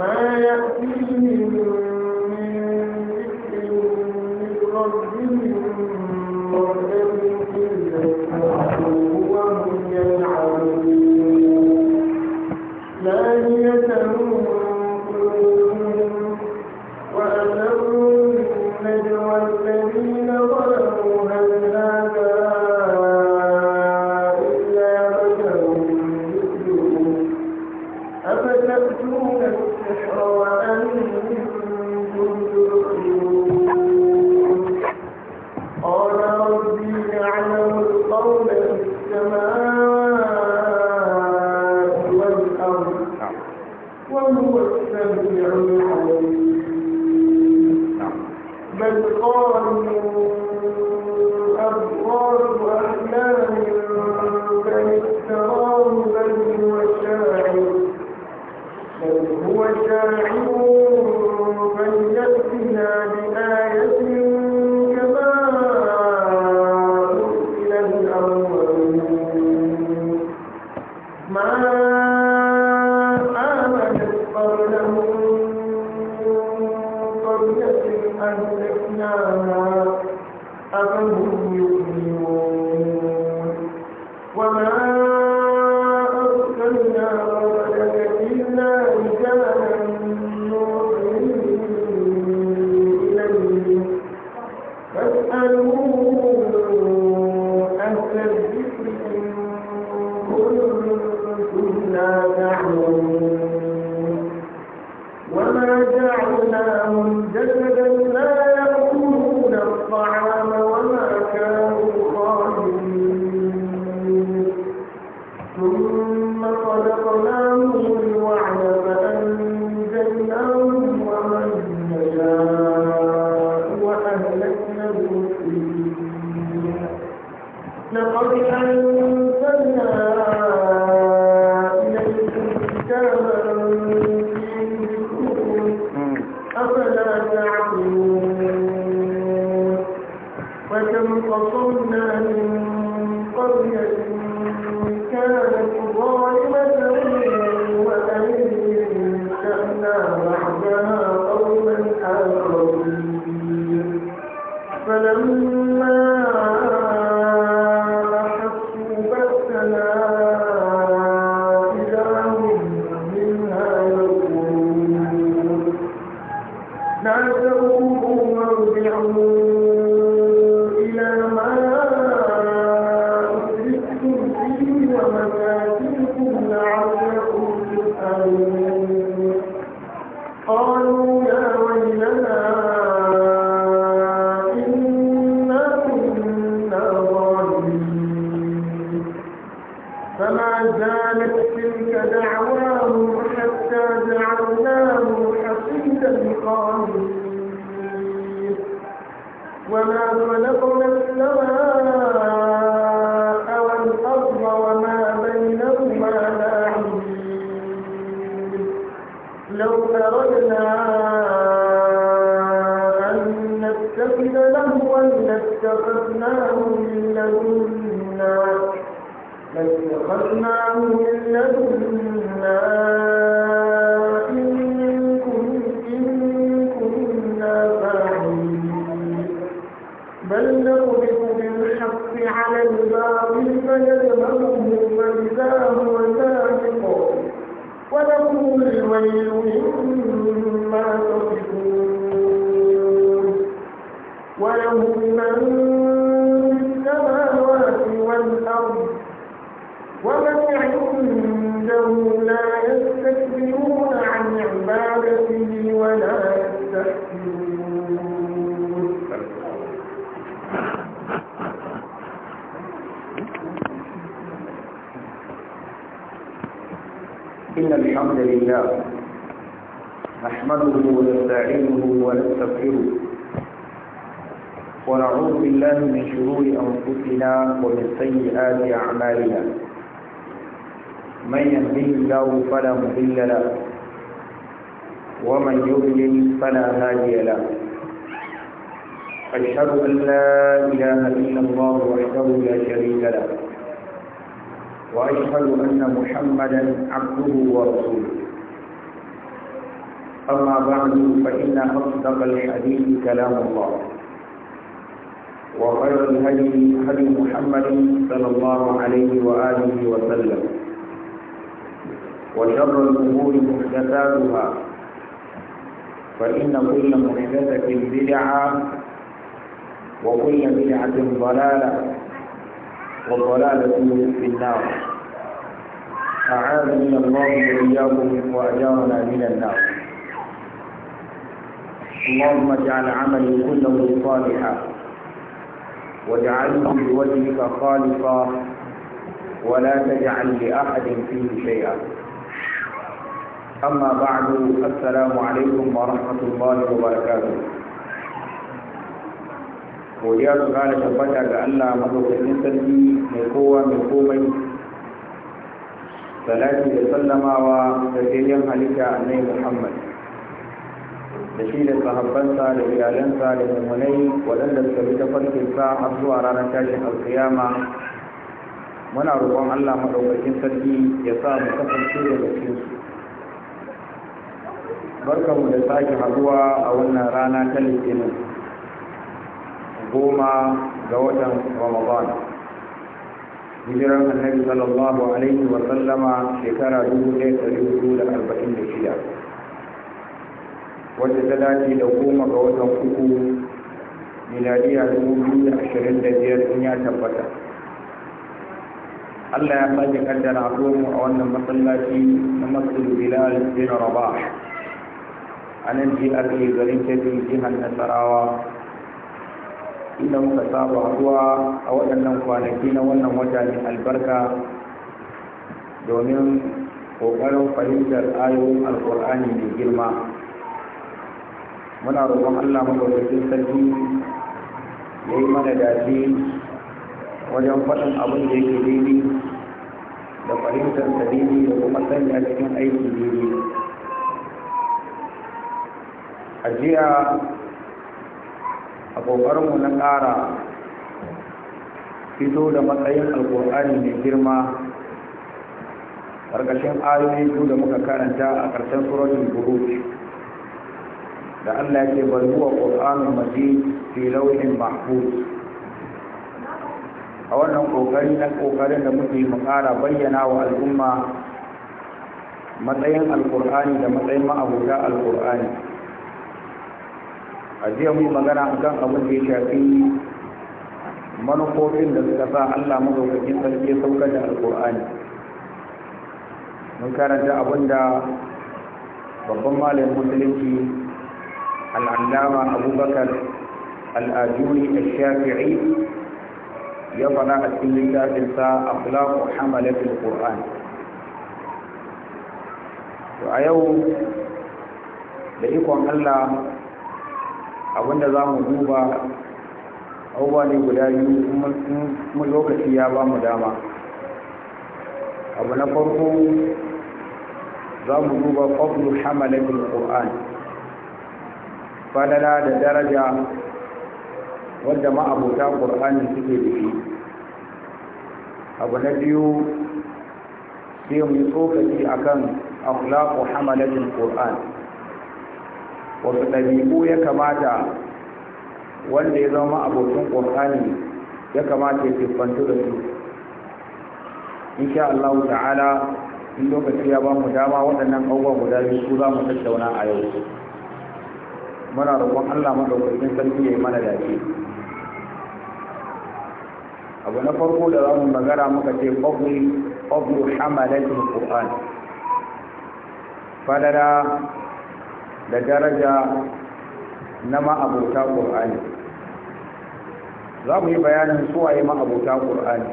ما يأتيهم من ذكر من ربهم مرتد إلا وهم يلعبون لاهية قلوبهم وأسروا النجوى فكم قصمنا من قرية كانت ظالمة وأنشأنا بعدها قوما آخرين فلما من يهده الله فلا مضل له ومن يضلل فلا هادي له أشهد أن لا إله إلا الله وحده لا شريك له وأشهد أن محمدا عبده ورسوله أما بعد فإن أصدق الحديث كلام الله وخير الهدي هدي محمد صلى الله عليه وآله وسلم وشر الأمور محدثاتها فإن كل محدثة بدعة وكل بدعة ضلالة وضلالة في النار أعاذني الله وإياكم وأجارنا من النار اللهم اجعل عملي كله صالحا واجعله بوجهك خالصا ولا تجعل لأحد فيه شيئا أما بعد السلام عليكم ورحمة الله وبركاته godiya su kare tabbata ga Allah madaukakin sarki mai kowa mai komai salati da sallamawa da sayan halitta annai Muhammad da shi da sahabbansa da iyalansa da mummunai waɗanda suka bi tafarkinsa har zuwa ranar tashin alkiyama muna roƙon Allah madaukakin sarki ya sa mu kasance da cikinsu barkanmu da sake haduwa a wannan rana ta litinin goma ga watan ramadan hijiran annabi sallallahu alaihi wa sallama shekara dubu ɗaya ɗari hudu da arba'in da shida wacce ta dace da goma ga watan uku miladiya dubu biyu da ashirin da biyar in ya tabbata Allah ya sake kaddara mu a wannan masallaci na masjid Bilal bin Rabah a nan jihar garin kebbi jihar nasarawa inda muka saba zuwa a waɗannan kwanaki na wannan wata ne albarka domin ƙoƙarin fahimtar ayoyin alƙur'ani mai girma muna roƙon allah maɗaukakin sarki ya yi mana dace wajen faɗin abin da yake daidai da fahimtar dalili da kuma sanya cikin aiki daidai ajiya a ƙoƙarinmu na ƙara fito da matsayin alƙur'ani mai girma ƙarƙashin ayoyi su da muka karanta a ƙarshen suratul buruj da Allah ke bari wa ƙur'anul fi lauhin mahfuz a wannan ƙoƙari na ƙoƙarin da muke mu ƙara bayyana wa al'umma matsayin alƙur'ani da matsayin ma'abuta alƙur'ani a jiya mu magana akan abin da ya shafi manufofin da suka sa Allah mazaukakin sarki saukar da alkur'ani mun karanta abin da babban malamin musulunci al'allama abubakar al'ajuri al-shafi'i ya faɗa a cikin littafinsa akhlaqu hamalatul qur'an to a yau da ikon Allah abinda za mu duba abubuwa ne guda biyu kuma lokaci ya ba mu dama abu na farko za mu duba fadlu hamalin qur'an fadala da daraja wadda ma'abuta qur'ani suke da shi abu na biyu sai mu yi tsokaci akan akhlaqu hamalin qur'an wasu ɗabi'u ya kamata wanda ya zama abokin ƙwarƙani ya kamata ya siffantu da su insha Allah ta'ala in lokaci ya ba mu dama waɗannan abubuwa guda biyu su za mu tattauna a yau muna roƙon Allah maɗaukakin sarki ya yi mana dace abu na farko da za mu magana muka ce fadlu hamalatul da daraja na ma'abuta ƙur'ani za mu yi bayanin suwaye ma'abuta ƙur'ani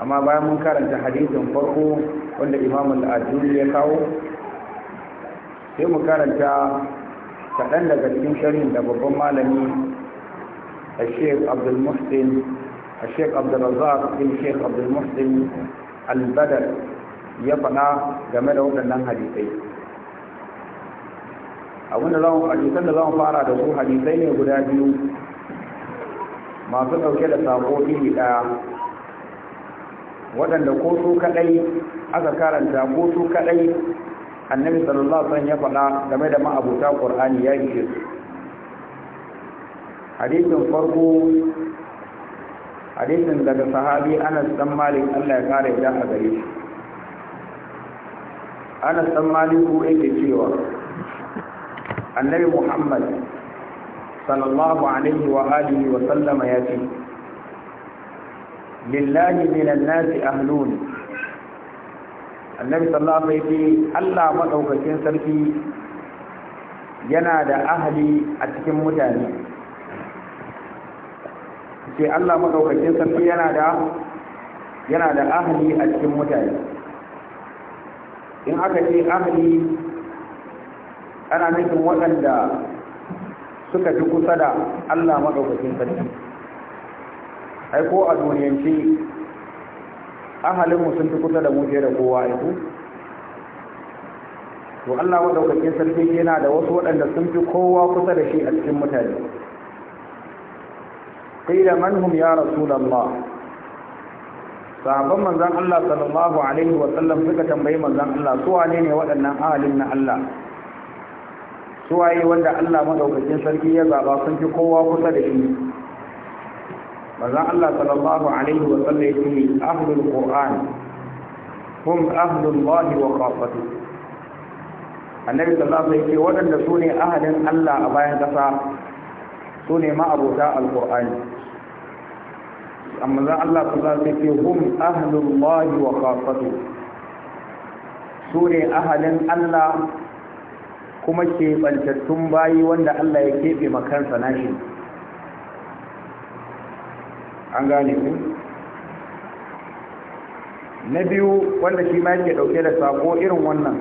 amma bayan mun karanta hadisin farko wanda imamun al'adun ya kawo sai mu karanta kaɗan daga cikin sharin da babban malami a sheik abdulmuhsin a sheik abdulrazak bin sheik al albadar ya faɗa game da waɗannan hadisai abinda da mu hadisan da fara da su hadisai ne guda biyu masu ɗauke da sako iri ɗaya waɗanda ko su kaɗai aka karanta ko su kaɗai annabi sallallahu alaihi wasallam ya faɗa game da ma'abuta qur'ani ya yi hadisin farko hadisin daga sahabi Anas dan Malik Allah ya kare da a gare shi Anas dan Malik ko yake cewa annabi muhammad sallallahu alaihi wa alihi wa sallama ya ce lillahi minan nasi ahlun annabi sallallahu alaihi Allah madaukakin sarki yana da ahli a cikin mutane ce Allah maɗaukakin sarki yana da yana da ahli a cikin mutane in aka ce ahli ana nufin waɗanda suka fi kusa da Allah maɗaukakin sarki ai ko a duniyance ahalinmu sun fi kusa da mu da kowa ya ku to Allah maɗaukakin sarki yana da wasu waɗanda sun fi kowa kusa da shi a cikin mutane qila man hum ya rasulullah sahabban manzan Allah sallallahu alaihi wa sallam suka tambayi manzan Allah su wane ne waɗannan ahalin na Allah suwaye wanda Allah madaukakin sarki ya zaba sun fi kowa kusa da shi manzon Allah sallallahu alaihi wa sallam yake ahlul qur'an hum ahlul lahi wa khafatu annabi sallallahu alaihi wa sallam yake su ne ahalin Allah a bayan ƙasa, su ne ma'abuta alqur'ani amma zan Allah sallallahu alaihi wa sallam yake hum ahlul lahi wa khafatu su ne ahalin Allah kuma keɓantattun bayi wanda Allah ya keɓe makansa nashi an gane ku na biyu wanda shi ma yake ɗauke da sako irin wannan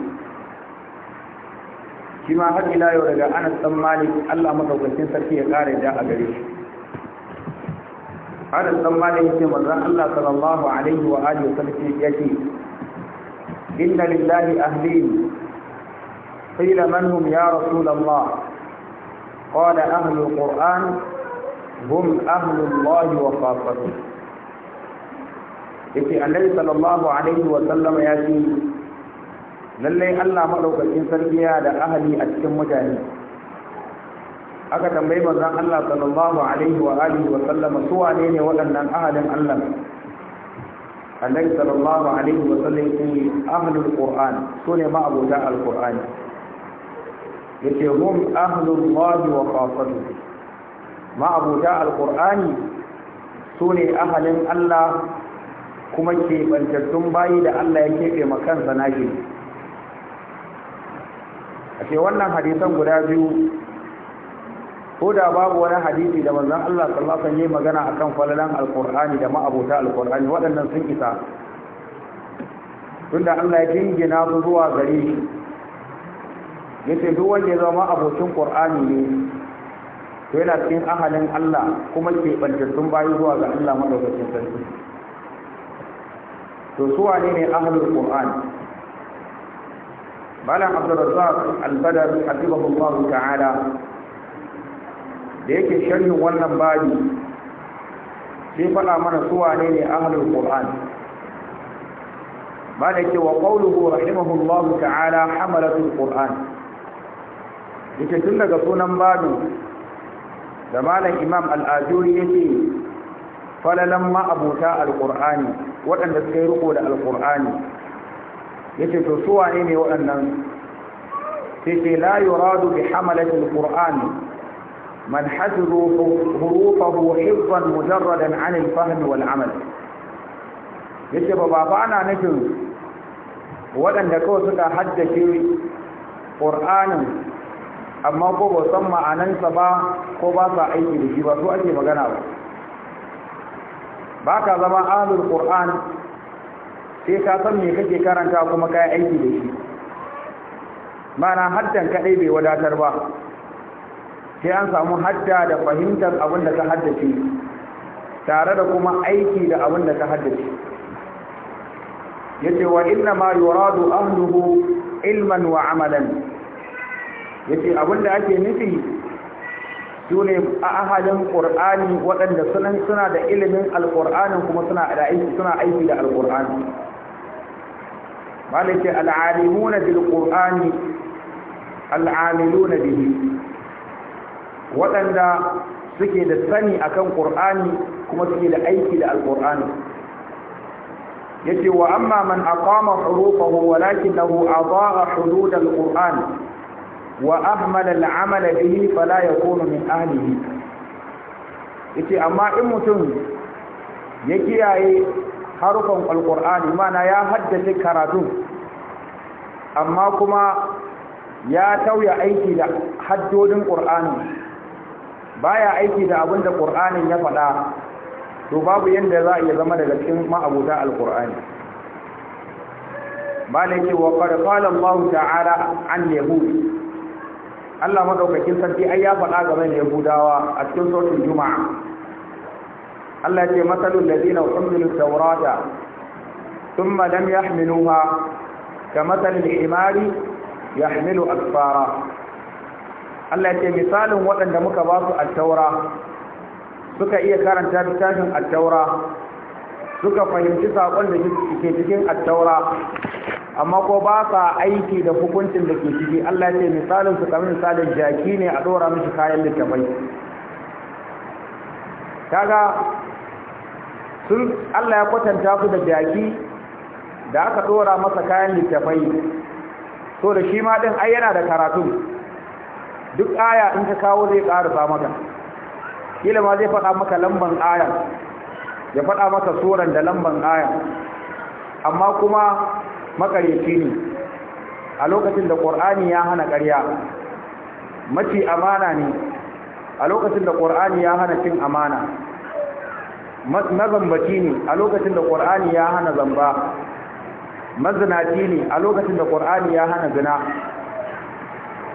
shi ma har ila yau daga anas dan malik Allah madaukakin sarki ya kare da a gare shi anas dan malik yake manzon Allah sallallahu alaihi wa alihi sallam yake inna lillahi ahlin قيل من هم يا رسول الله قال أهل القرآن هم أهل الله وخاصته yake annabi sallallahu alaihi wa sallam ya ce lallai Allah madaukakin sarki ya da ahli a cikin mutane aka tambayi manzon Allah sallallahu alaihi wa alihi wa sallam su wane ne waɗannan ahalin Allah annabi sallallahu alaihi wa sallam ya ce ahlul qur'an sune ma abota alqur'ani yake hum ahlul mahi wa kafatu ma'abuta alƙur'ani su ne ahalin Allah kuma keɓantattun bayi da Allah ya keɓe makansa nashi a ce wannan hadisan guda biyu ko da babu wani hadisi da manzon Allah sallallahu alaihi wasallam magana akan falalan alqur'ani da ma'abuta alqur'ani waɗannan sun isa tunda Allah ya jingina su zuwa gare shi yace duk wanda ya zama abokin ƙur'ani ne to yana cikin ahalin Allah kuma ke bantattun bayi zuwa ga Allah madaukakin sarki to su wane ne ahlul qur'ani malam abdurrazzaq al-badar hafizahullah ta'ala da yake sharhin wannan babi sai faɗa mana su wane ne ahlul qur'ani مالك وقوله رحمه الله تعالى حملة القرآن yace tun daga sunan babu da malam imam al yake yace falalan ma abuta al waɗanda suka yi riko da yace to su wane ne waɗannan sai la yuradu bi hamalati al-qur'ani man hadru hurufahu hifzan mujarradan an wal amal yace ba ba ana nufin waɗanda kawai suka haddace ƙur'anin amma ko ba san ma'anansa ba ko ba sa aiki da shi ba su ake magana ba ba ka zama ahlul qur'an sai ka san me kake karanta kuma ka aiki da shi mana haddan kadai bai wadatar ba sai an samu hadda da fahimtar abin da ka haddace tare da kuma aiki da abin da ka haddace yace wa inna ma yuradu ahluhu ilman wa amalan Ya yace abinda ake nufi sune a ahalin qur'ani waɗanda sunan suna da ilimin alqur'anin kuma suna da aiki suna aiki da alqur'ani malaka al'alimuna bil qur'ani al'amiluna bihi waɗanda suke da sani akan qur'ani kuma suke da aiki da Ya ce wa amma man aqama hurufahu walakinahu adaa hudud alqur'ani wa ahmala al'amala bihi fala yakunu min ahlihi yace amma in mutum ya kiyaye harufan alqur'ani mana ya haddace karatu amma kuma ya tauya aiki da haddodin qur'ani baya aiki da abinda qur'anin ya faɗa to babu yanda za a iya zama daga cikin ma'abuta alqur'ani malaki wa qad qala Allah ta'ala an yahud Allah madaukakin sarki ai ya faɗa game da Yahudawa a cikin sautin Juma'a Allah ya ce masalul ladina umilu tawrata thumma lam yahmiluha kamasalil himari yahmilu asfara Allah ya ce misalin waɗanda muka ba su at-taura suka iya karanta littafin at-taura suka fahimci saƙon da ke cikin attaura amma ko ba sa aiki da hukuncin da ke ciki Allah ce misalin su kamar misalin jaki ne a dora mishi kayan littafai kaga sun Allah ya kwatanta ku da jaki da aka dora masa kayan littafai so da shi ma din ai yana da karatu duk aya in ka kawo zai karasa maka kila ma zai faɗa maka lamban ayar ya faɗa masa suran da lamban aya amma kuma makareci ne a lokacin da ƙur'ani ya hana ƙarya mace amana ne a lokacin da ƙur'ani ya hana cin amana mazambaci ne a lokacin da ƙur'ani ya hana zamba mazinaci ne a lokacin da ƙur'ani ya hana zina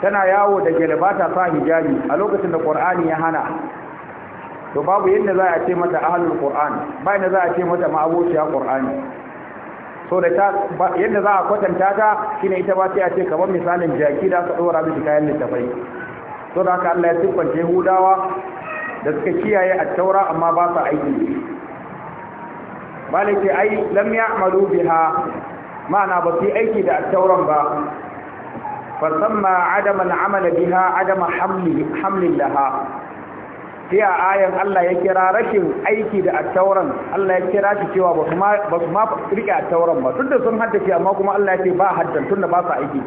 tana yawo da gelbata sa hijabi a lokacin da ƙur'ani ya hana to babu yadda za a ce mata ahlul qur'an ba yadda za a ce mata ma'abociya qur'ani so da ta yadda za a kwatanta ta shine ita ba sai a ce kamar misalin jaki da aka dora miki kayan littafai so da haka Allah ya siffanta Yahudawa da suka kiyaye at-taura amma ba sa aiki malaki ai lam ya'malu biha ma'ana ba su aiki da at-tauran ba sama adama al-amala biha adama hamli hamlillaha sai a ayan Allah ya kira rashin aiki da attauran Allah ya kira shi cewa ba su ma rike attauran ba tunda sun haddace amma kuma Allah ya ce ba haddan tunda ba su aiki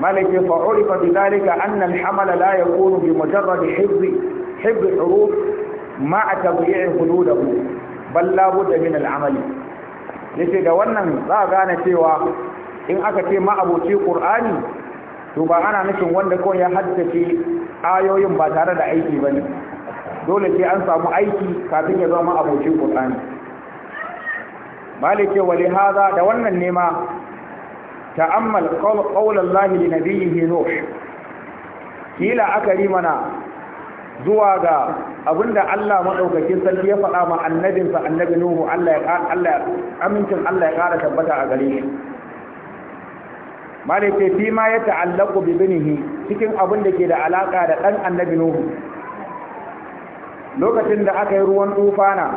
malike fa urifa bidalika anna al-hamal la yakunu bi mujarrad hifz hifz huruf ma tabi'i huludahu bal la budda min al-amali yace da wannan za a gane cewa in aka ce ma abuci qur'ani to ba ana nufin wanda kawai ya haddace ayoyin ba tare da aiki ba ne dole sai an samu aiki kafin ya zama abokin ƙur'ani malike wali haza da wannan nema ta'ammal qaulan lahi li nabiyhi nuh kila la'akari mana zuwa ga abinda Allah maɗaukakin sarki ya faɗa ma annabinsa annabi nuhu Allah ya amincin Allah ya ƙara tabbata a gare shi ce fi ma ya ta'allaku bi binihi cikin abin da ke da alaka da dan annabi nuhu lokacin da aka yi ruwan tufana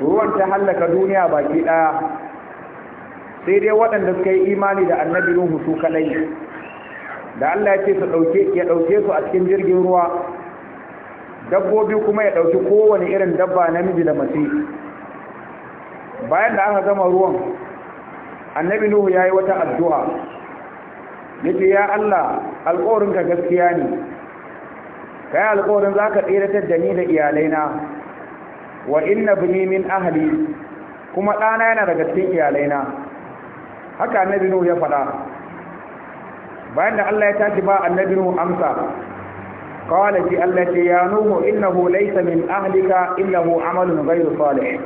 ruwan ta halaka duniya baki daya sai dai waɗanda suka yi imani da annabi nuhu su kalai da Allah ya ce su dauke ya dauke su a cikin jirgin ruwa dabbobi kuma ya dauki kowane irin dabba namiji da mace bayan da aka gama ruwan annabi nuhu yayi wata addu'a yace ya Allah alƙawarin ka gaskiya ne kai alƙawarin zaka tsiratar da ni da iyalaina wa inna bni min ahli kuma ɗana yana daga cikin iyalaina haka annabi nuhu ya faɗa bayan da Allah ya tashi ba annabi nuhu amsa qala ji Allah ya nuhu innahu laysa min ahlika innahu amalun ghayru salih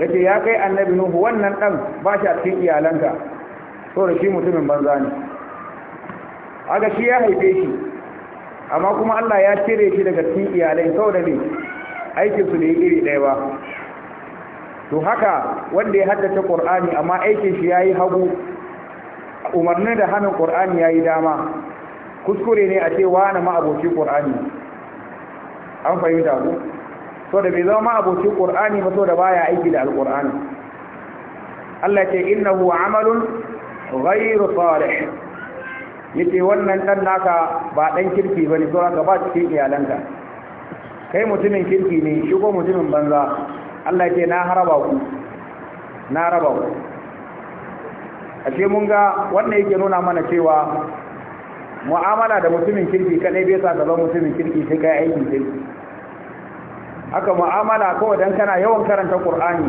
yace ya kai annabi nuhu wannan dan ba shi a cikin iyalanka so da shi mutumin banza ne Agashi shi ya haife shi amma kuma Allah ya cire shi daga cikin iyalai saboda ne aikin su ne iri ɗaya ba to haka wanda ya haddace Qur'ani amma aikin shi yayi hagu umarnin da hannun Qur'ani yayi dama kuskure ne a ce wani ma aboki Qur'ani an fahimta ku to da bai zama aboki qur'ani ba to da baya aiki da alqur'ani Allah ce innahu amalun ghairu salih yace wannan dan naka ba dan kirki bane to ka ba cikin iyalanka kai mutumin kirki ne shi ko mutumin banza Allah ce na haraba ku na raba ku ashe mun ga wannan yake nuna mana cewa mu'amala da mutumin kirki kadai bai sa ka mutumin kirki sai kai aikin kirki haka mu'amala kawai dan kana yawan karanta qur'ani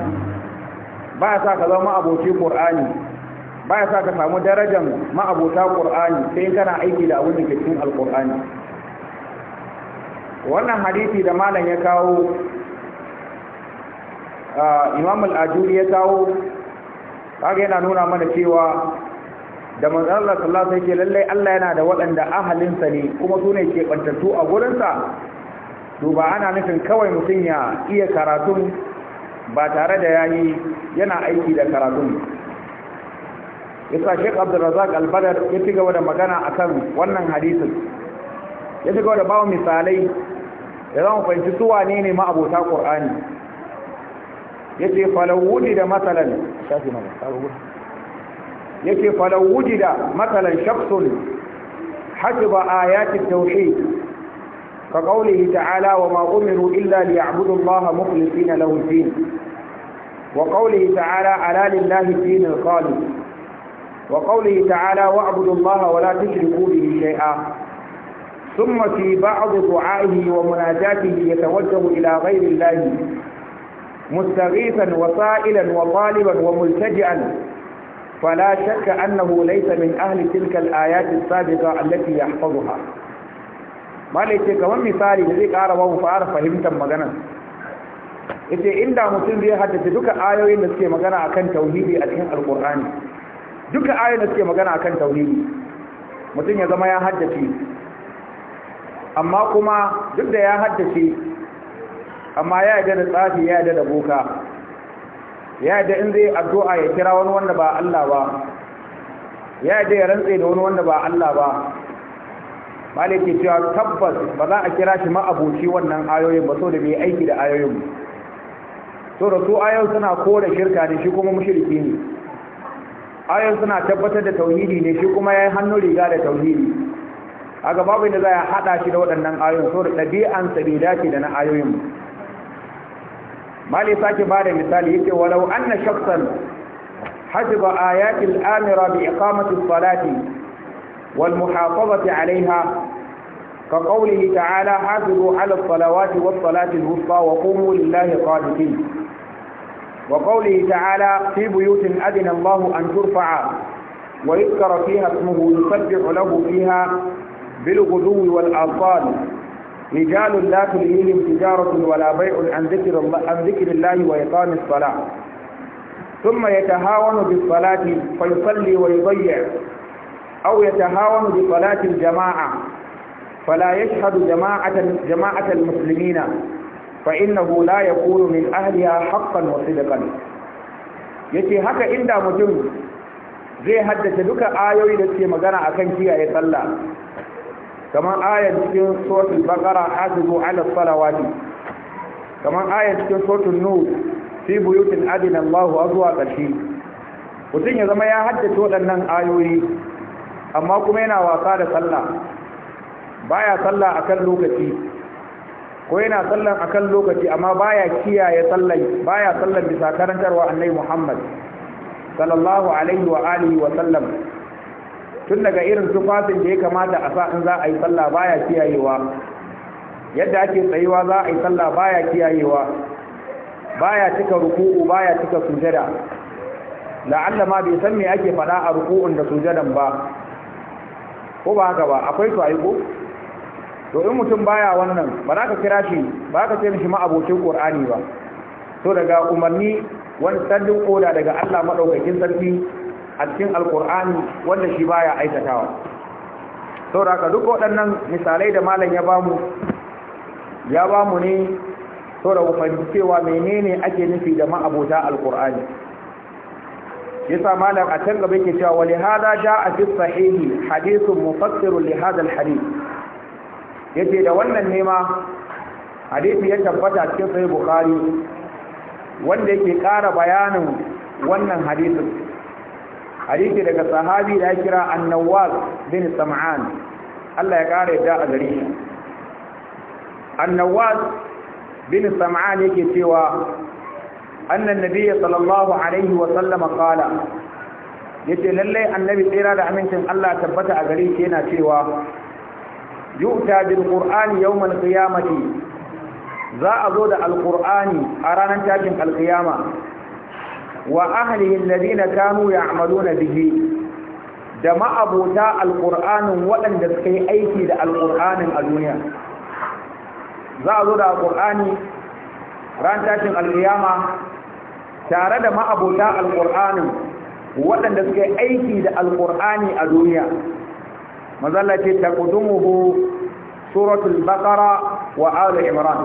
ya sa ka zama aboki qur'ani ya sa ka samu darajar ma'abota ƙur'ani, sai kana aiki da abin da ke cikin alƙur'ani. wannan hadisi da malam ya kawo imam al-ajuri ya kawo kaga yana nuna mana cewa da manzon Allah sallallahu alaihi lallai Allah yana da waɗanda ahalinsa ne kuma sune ke ɓantattu a gurinsa duba ana nufin kawai mutum ya iya karatun ba tare da ya yi yana aiki da karatun yasa Sheikh Abdulrazak al ya ci gaba da magana akan wannan hadisin ya ci gaba da bawo misalai da zan fahimci su wane ne ma'abota Qur'ani yace falawudi da masalan shafi mana yace falawudi da masalan shakhsun hasiba ayati tauhid كقوله تعالى وما أمروا إلا ليعبدوا الله مخلصين له الدين وقوله تعالى ألا لله الدين الخالص وقوله تعالى واعبدوا الله ولا تشركوا به شيئا ثم في بعض دعائه ومناجاته يتوجه إلى غير الله مستغيثا وسائلا وطالبا وملتجئا فلا شك أنه ليس من أهل تلك الآيات السابقة التي يحفظها malai ce kamar misali da zai ƙara wa fara fahimtar magana yace inda mutum zai haddace duka ayoyin da suke magana akan tauhidi a cikin alkur'ani duka ayoyin da suke magana akan tauhidi mutum ya zama ya haddace amma kuma duk da ya haddace amma ya yi da tsafi ya yi da boka ya da in zai addu'a ya kira wani wanda ba Allah ba ya da ya rantse da wani wanda ba Allah ba malai ke cewa tabbas ba za a kira shi ma'aboci wannan ayoyin ba so da mai aiki da ayoyin so da su ayoyin suna kore shirka ne shi kuma mushriki ne ayoyin suna tabbatar da tauhidi ne shi kuma ya yi hannu riga da tauhidi a gaba bai da za a haɗa shi da waɗannan ayoyin so da ɗabi'an bai dace da na ayoyin malai sake ba da misali yake walau an na shaksan حسب آيات الآمرة بإقامة wal muhafazati alaiha كقوله تعالى حافظوا على الصلوات والصلاة الوسطى وقوموا لله قادتين وقوله تعالى في بيوت أذن الله أن ترفع ويذكر فيها اسمه يسبح له فيها بالغدو والآصال رجال لا تلهيهم تجارة ولا بيع عن ذكر الله, عن ذكر الله وإقام الصلاة ثم يتهاون بالصلاة فيصلي ويضيع أو يتهاون بصلاة الجماعة فلا يشهد جماعة, جماعة المسلمين فإنه لا يكون من أهلها حقا وصدقا yace haka inda mutum zai haddace duka ayoyi da suke magana akan kiyaye sallah kamar ayat cikin suratul baqara hafizu ala salawati kamar ayat cikin suratul nur fi buyutin adina Allahu azwa kashi mutum ya zama ya haddace waɗannan ayoyi amma kuma yana wasa da sallah baya sallah akan lokaci ko yana sallan akan lokaci amma baya kiyaye sallan baya sallan bisa karantarwa annabi Muhammad sallallahu alaihi wa alihi wa sallam tun daga irin tufafin da ya kamata a sa in za a yi sallah baya kiyayewa yadda ake tsayuwa za a yi sallah baya kiyayewa baya cika ruku'u baya cika sujada la'alla ma bai san me ake faɗa a ruku'un da sujadan ba ko ba haka ba akwai su aiko to in mutum baya wannan ba za ka kira shi ba za ka ce mishi ma abokin qur'ani ba to daga umarni wani sandin koda daga Allah madaukakin sarki a cikin alqur'ani wanda shi baya aikatawa to da duk waɗannan misalai da malam ya bamu ya bamu ne to da fahimci cewa menene ake nufi da ma'abota alqur'ani yasa malam a can gaba yake cewa wa li hada ja'a fi sahihi hadithun mufassirun li hadha yace da wannan nema hadisi ya tabbata cikin sahih bukhari wanda yake ƙara bayanin wannan hadisin hadisi daga sahabi da ya kira annawaz bin sam'an Allah ya ƙara yadda a gare shi annawaz bin sam'an yake cewa annan nabiyyi sallallahu alaihi wa sallama qala yace lallai annabi tsira da amincin Allah tabbata a gare shi yana cewa yu'ta bil qur'ani yawmal qiyamati za a zo da alqur'ani a ranar tashin alqiyama wa ahlihi alladhina kanu ya'maluna bihi da ma'abota alqur'anin waɗanda suka yi aiki da alqur'anin a duniya za a zo da alqur'ani ran tashin alqiyama tare da ma'abota alqur'anin waɗanda suka yi aiki da alqur'ani a duniya mazalla ce taqdumuhu suratul baqara wa al imran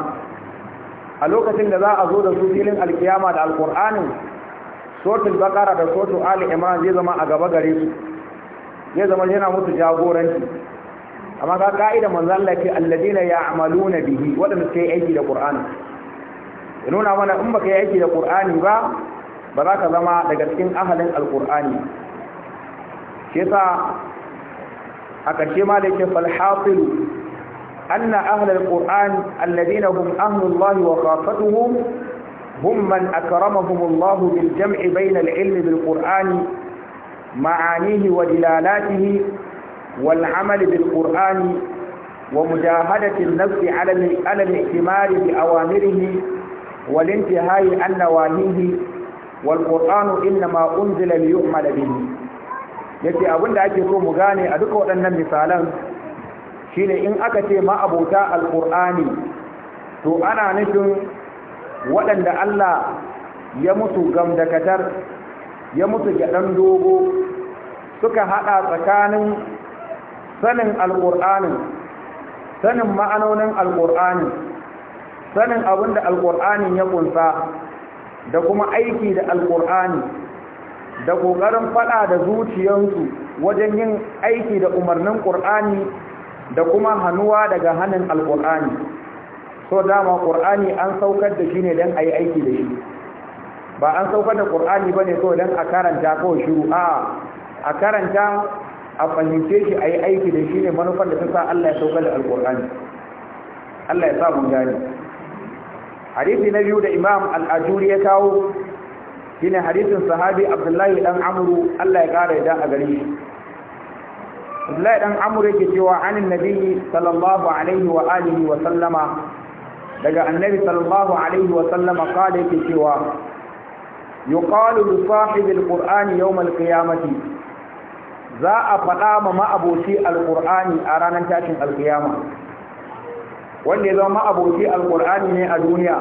a lokacin da za a zo da su filin alkiyama da alqur'ani suratul baqara da suratul al imran zai zama a gaba gare su zai zama yana musu jagoranci amma ga ka'ida manzalla ce alladina ya'maluna bihi wadanda suke aiki da qur'ani ya nuna mana in baka yi aiki da qur'ani ba ba za ka zama daga cikin ahalin alqur'ani shi a ƙarshe ma da yake falhasilu anna ahlal qur'an alladhina hum ahlullahi wa khafatuhum hum man akramahumullahu bil jam'i bayna al ilmi bil qur'ani ma'anihi wa dilalatihi wal amali bil qur'ani wa mujahadati an-nafs 'ala al-ihtimali bi awamirihi wal intihai an nawahihi والقرآن إنما أنزل ليؤمل به yake abin da ake so mu gane a duka waɗannan misalan shine in aka ce ma abota alqur'ani to ana nufin waɗanda Allah ya mutu gamdakatar ya mutu gyaɗan dogo suka haɗa tsakanin sanin alƙur'anin sanin ma'anonin alƙur'anin sanin abin da alƙur'anin ya ƙunsa da kuma aiki da Alƙur'anin. da ƙoƙarin faɗa da zuciyarsu wajen yin aiki da umarnin ƙur'ani da kuma hannuwa daga hannun alƙur'ani so dama ƙur'ani an saukar da shi ne don a yi aiki da shi ba an saukar da ƙur'ani ba ne so don a karanta ko shiru a a karanta a fahimce shi a yi aiki da shi ne manufar da ta sa Allah ya saukar da alƙur'ani Allah ya sa mun gani hadisi na biyu da imam al'ajuri ya kawo ne hadisin sahabi abdullahi ɗan amru Allah ya ƙara idan a gare shi abdullahi ɗan amru yake cewa anin nabiyyi sallallahu alaihi wa alihi wa sallama daga annabi sallallahu alaihi wa sallama kale yake cewa yuqalu li sahibi alqur'ani yawm alqiyamati za a faɗa ma ma'aboci alqur'ani a ranar tashin alqiyama wanda ya zama ma'aboci alqur'ani ne a duniya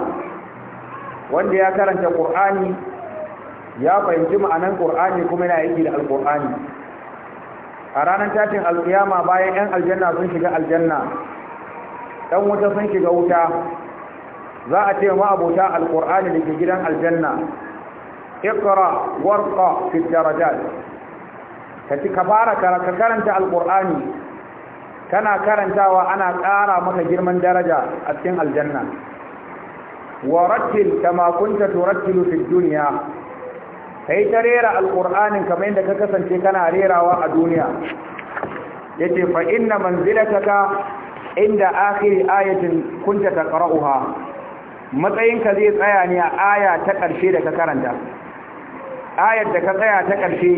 wanda ya karanta qur'ani ya fahimci ma'anan qur'ani kuma yana aiki da alqur'ani a ranar tashin alkiyama bayan yan aljanna sun shiga aljanna yan wuta sun shiga wuta za a ce ma abota alqur'ani da ke gidan aljanna iqra warqa fi ka fara karanta alqur'ani kana karantawa ana ƙara maka girman daraja a cikin aljanna wa rattil kama kunta turattilu fi duniya. kai ta rera alƙur'anin kamar yadda ka kasance kana rerawa a duniya ya ce fa inna manzilataka inda akhiri ayatin kunta taqra'uha matsayinka zai tsaya ne a aya ta ƙarshe da ka karanta ayar da ka tsaya ta ƙarshe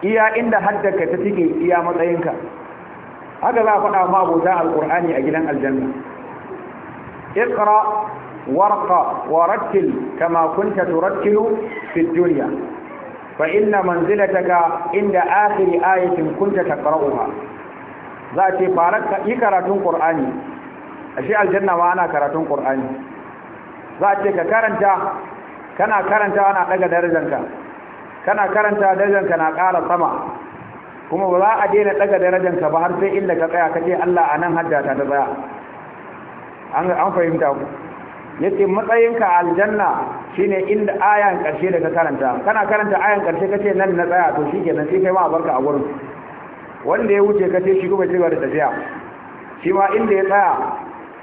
iya inda haddaka ta cike iya matsayinka haka za a faɗa ma abota alƙur'ani a gidan aljanna iqra وارق ورتل كما كنت ترتل في الدنيا فإن منزلتك عند آخر آية كنت تقرأها ذاتي فارك يكرتون قرآني أشياء الجنة وأنا كرتون قرآني ذاتي كرنتا كنا كرنتا وأنا أقل درجنك كنا كرنتا درجنك أنا قال سما kuma ba za a daina daga darajanka ba har sai inda ka tsaya ka ce Allah a nan hajjata ta tsaya an fahimta ku yace matsayinka aljanna shine inda ayan karshe da ka karanta kana karanta ayan karshe kace nan na tsaya to shikenan sai kai ma barka a gurin wanda ya wuce kace shi kuma cigaba da tafiya shi ma inda ya tsaya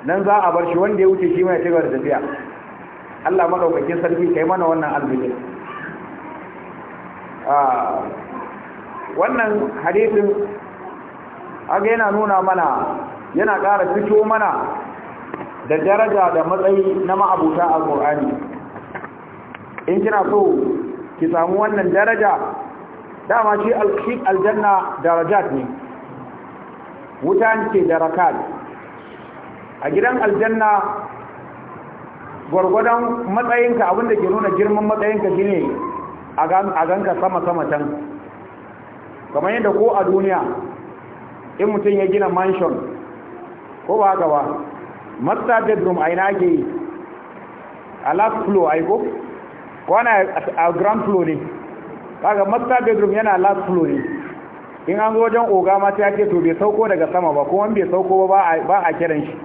nan za a bar shi wanda ya wuce shi ma ya cigaba da tafiya Allah madaukakin sarki kai mana wannan arziki ah, wannan hadisin aga yana nuna mana yana ƙara fito mana da daraja da matsayi na ma'abuta alqur'ani in kina so ki samu wannan daraja dama shi aljanna darajat ne wuta ke darakat a gidan aljanna gwargwadon matsayinka abinda ke nuna girman matsayinka shine a ganka sama-sama can kamar yadda ko a duniya in mutum ya gina mansion ko ba haka ba master bedroom a ina ke yi a last floor aiko ko na a ground floor ne kaga master bedroom yana last floor ne in an zo wajen oga ma ta ce to bai sauko daga sama ba ko an bai sauko ba ba a kiran shi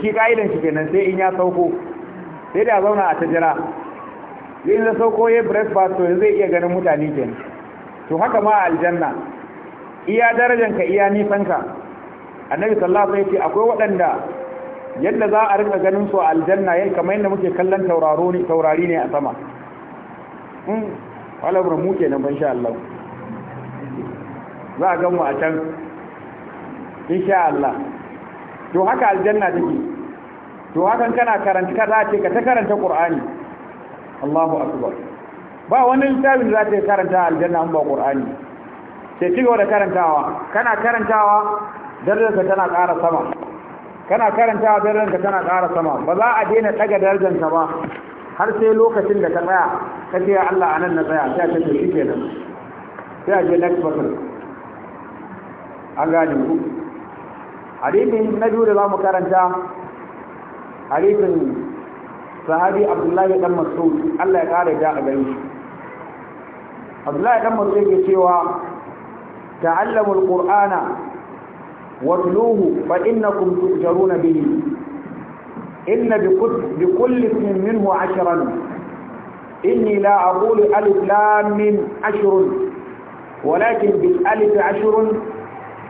shi ka'idan shi kenan sai in ya sauko sai da zauna a tajira yin da sauko ya breakfast to zai iya ganin mutane kenan to haka ma a aljanna iya darajanka iya nisanka annabi sallallahu alaihi wasallam akwai waɗanda yadda za a rika ganin su a aljanna yayin kamar yadda muke kallon tauraro ne taurari ne a sama mm wala muke nan ban sha Allah za a gan mu a can in sha Allah to haka aljanna take to hakan kana karanta ka za ce ka ta karanta Qur'ani Allahu akbar ba wani littafin za ta karanta aljanna an ba Qur'ani sai cigaba da karantawa kana karantawa darajarka tana ƙara sama kana karanta karantawa ka tana ƙara sama ba za a daina ɗaga darajarka ba har sai lokacin da ka tsaya ka ce ya Allah anan na tsaya sai ka tafi kenan sai a je next person an gane ku hadisin na biyu da za mu karanta hadisin sahabi Abdullahi dan Mas'ud Allah ya kare da a gari shi Abdullahi dan Mas'ud yake cewa ta'allamul al-Qur'ana واتلوه فإنكم تؤجرون به إن بكل اسم منه عشرا إني لا أقول ألف لام عشر ولكن بالألف عشر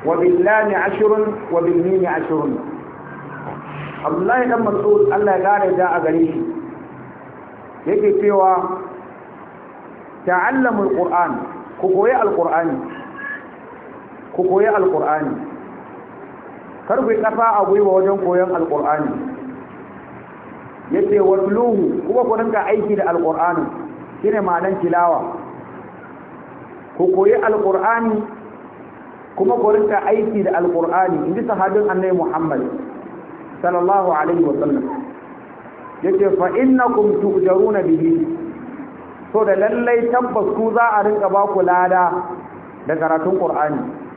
وباللام عشر وبالميم عشر الله لما تقول الله قال جاء غريب يجي فيه تعلموا القرآن كوكوية القرآن كوكوية القرآن kar ku a gwiwa wajen koyon alƙur'ani ya ce watluhu kuma ku rinka aiki da alƙur'ani shi ne ma'anan tilawa ku koyi alƙur'ani kuma ku rinka aiki da alƙur'ani in ji sahabin annai muhammad sallallahu alaihi wa sallam ya ce fa innakum tu'jaruna bihi so da lallai tabbas ku za a rinka ba ku lada da karatun ƙur'ani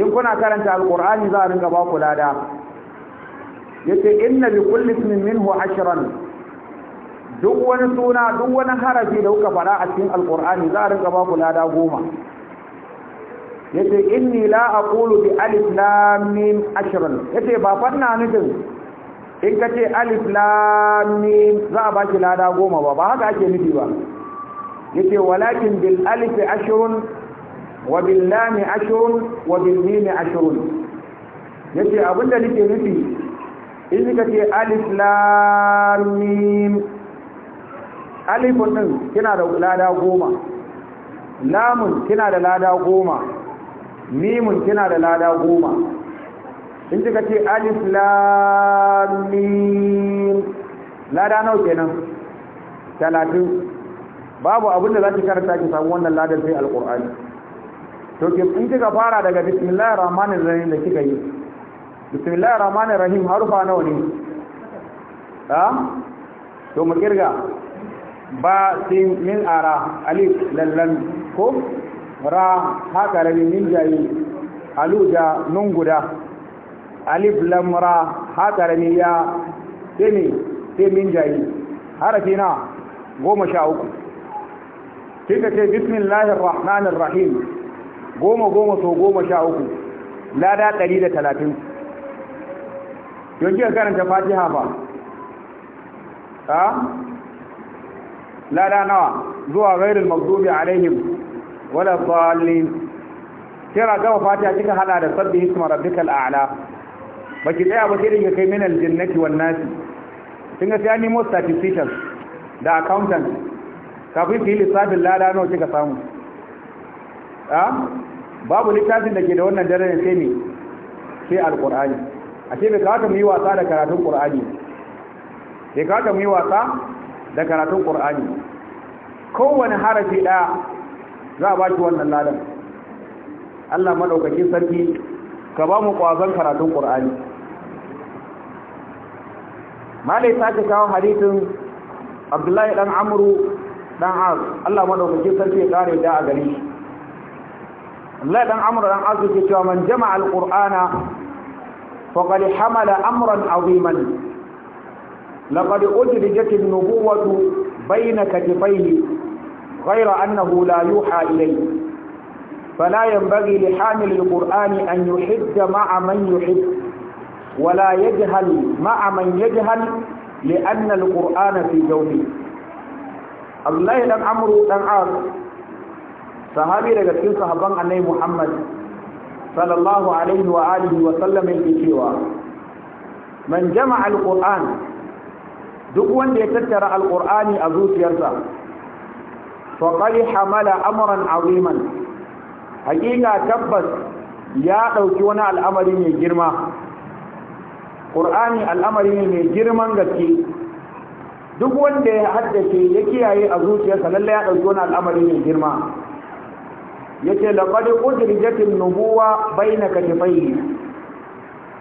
in kuna karanta alqur'ani za a rinka ba ku lada Ya yace inna bi kulli ismin minhu ashran duk wani suna duk wani harafi da kuka fara a cikin alqur'ani za a rinka ba ku lada goma Ya yace inni la aqulu bi alif lam mim ashran ce ba fanna nufin in ka ce alif lam mim za a baki lada goma ba ba haka ake nufi ba Ya ce walakin bil alif ashrun wa billahi ashrun wa billahi ashrun yace abinda nake nufi in ka ce alif lam mim alifun din kina da lada goma lamun kina da lada goma mimun kina da lada goma in ka ce alif lam mim lada nawa kenan 30 babu abinda zaki karanta ki samu wannan ladan sai alqur'ani toke in kika fara daga bismillahir rahmanir rahim da kika yi bismillahir rahmanir rahim harufa nawa ne ha to mu kirga ba sin min ara alif lallan ko ra haka rabi min jayi aluja nun guda alif lam ra haka rabi ya sai sai min jayi harafi na goma sha uku kika ce bismillahir rahmanir rahim goma goma so goma sha uku lada ɗari da talatin yanki ka karanta fatiha ba Ha? lada nawa zuwa gairin magdubi alaihim wala tsallin kira gaba fatiha cika hada da sabbin hisma rabbikal a'la baki tsaya ba sai dinga kai minal jannati wan nasi sun ga sai ni mo statistics da accountant kafin yi lissafin lada nawa kika samu babu littafin da ke da wannan darajar sai ne sai alkur'ani a ce bai kawata mu yi wasa da karatun qur'ani bai kawata muyi wasa da karatun qur'ani kowane harafi ɗaya za a ba shi wannan ladan Allah madaukakin sarki ka ba mu ƙwazon karatun ƙur'ani malai sake kawo hadisin abdullahi ɗan amru ɗan az Allah madaukakin sarki ya kare da a shi لا دان امر دان ازو كي من جمع القران فقد حمل امرا عظيما لقد أدرجت النبوة بين كتفيه غير انه لا يوحى اليه فلا ينبغي لحامل القران ان يحج مع من يحج ولا يجهل مع من يجهل لان القران في جوفه الله لم امر أن ازو sahabi daga cikin sahabban annabi Muhammad sallallahu alaihi wa alihi wa sallam yake cewa man jama'a alquran duk wanda ya tattara alqurani a zuciyarsa faqad hamala amran aziman hakika tabbas ya dauki wani al'amari mai girma qur'ani al'amari ne mai girman gaske duk wanda ya haddace ya kiyaye a zuciyarsa lalle ya dauki wani al'amari mai girma yace laqad udrijat an-nubuwa bayna katifayhi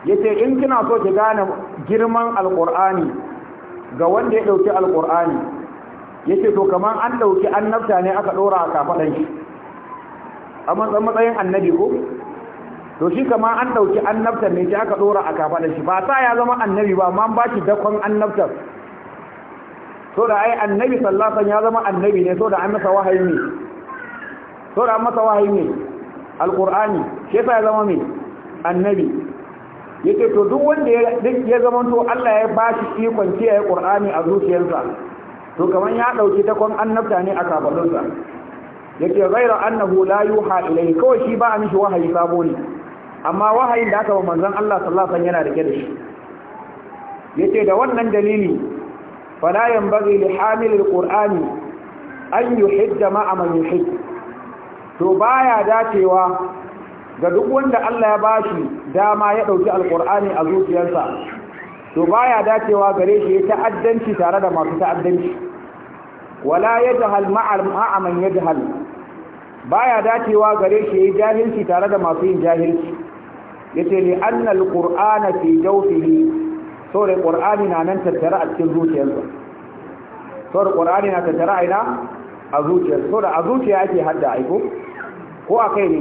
yace in kina so ki gane girman alqur'ani ga wanda ya dauki alqur'ani yace to kaman an dauki annabta ne aka dora a kafadan shi a matsayin annabi ko to shi kaman an dauki annabta ne shi aka dora a kafadan shi ba sa ya zama annabi ba amma ba shi dakon annabta so da ai annabi sallallahu alaihi wasallam ya zama annabi ne so da an masa wahayi ne saura an masa wahayi ne Alƙur'ani shi ya zama mai annabi yake to duk wanda ya zama to Allah ya bashi ikon yi ƙur'ani a zuciyarsa to kamar ya ɗauki takon annabta ne a kafadunsa yake ghaira annahu la yuha ilai kawai shi ba a mishi wahayi sabo ne amma wahayin da aka ba manzon Allah sallallahu yana rike da shi yace da wannan dalili fala yanbaghi li hamil alqur'ani an yuhidda ma'a man yuhidda to baya dacewa ga duk wanda Allah ya bashi dama ya dauki alqur'ani a zuciyarsa to baya dacewa gare shi ya ta'addanci tare da masu ta'addanci wala yajhal ma'a man yajhal baya dacewa gare shi ya jahilci tare da masu yin jahilci yace li anna alqur'ana fi jawfihi sore qur'ani na nan tattara a cikin zuciyarsa sore qur'ani na tattara aina a zuciyarsa sore a zuciya ake hadda aiko ko a kai ne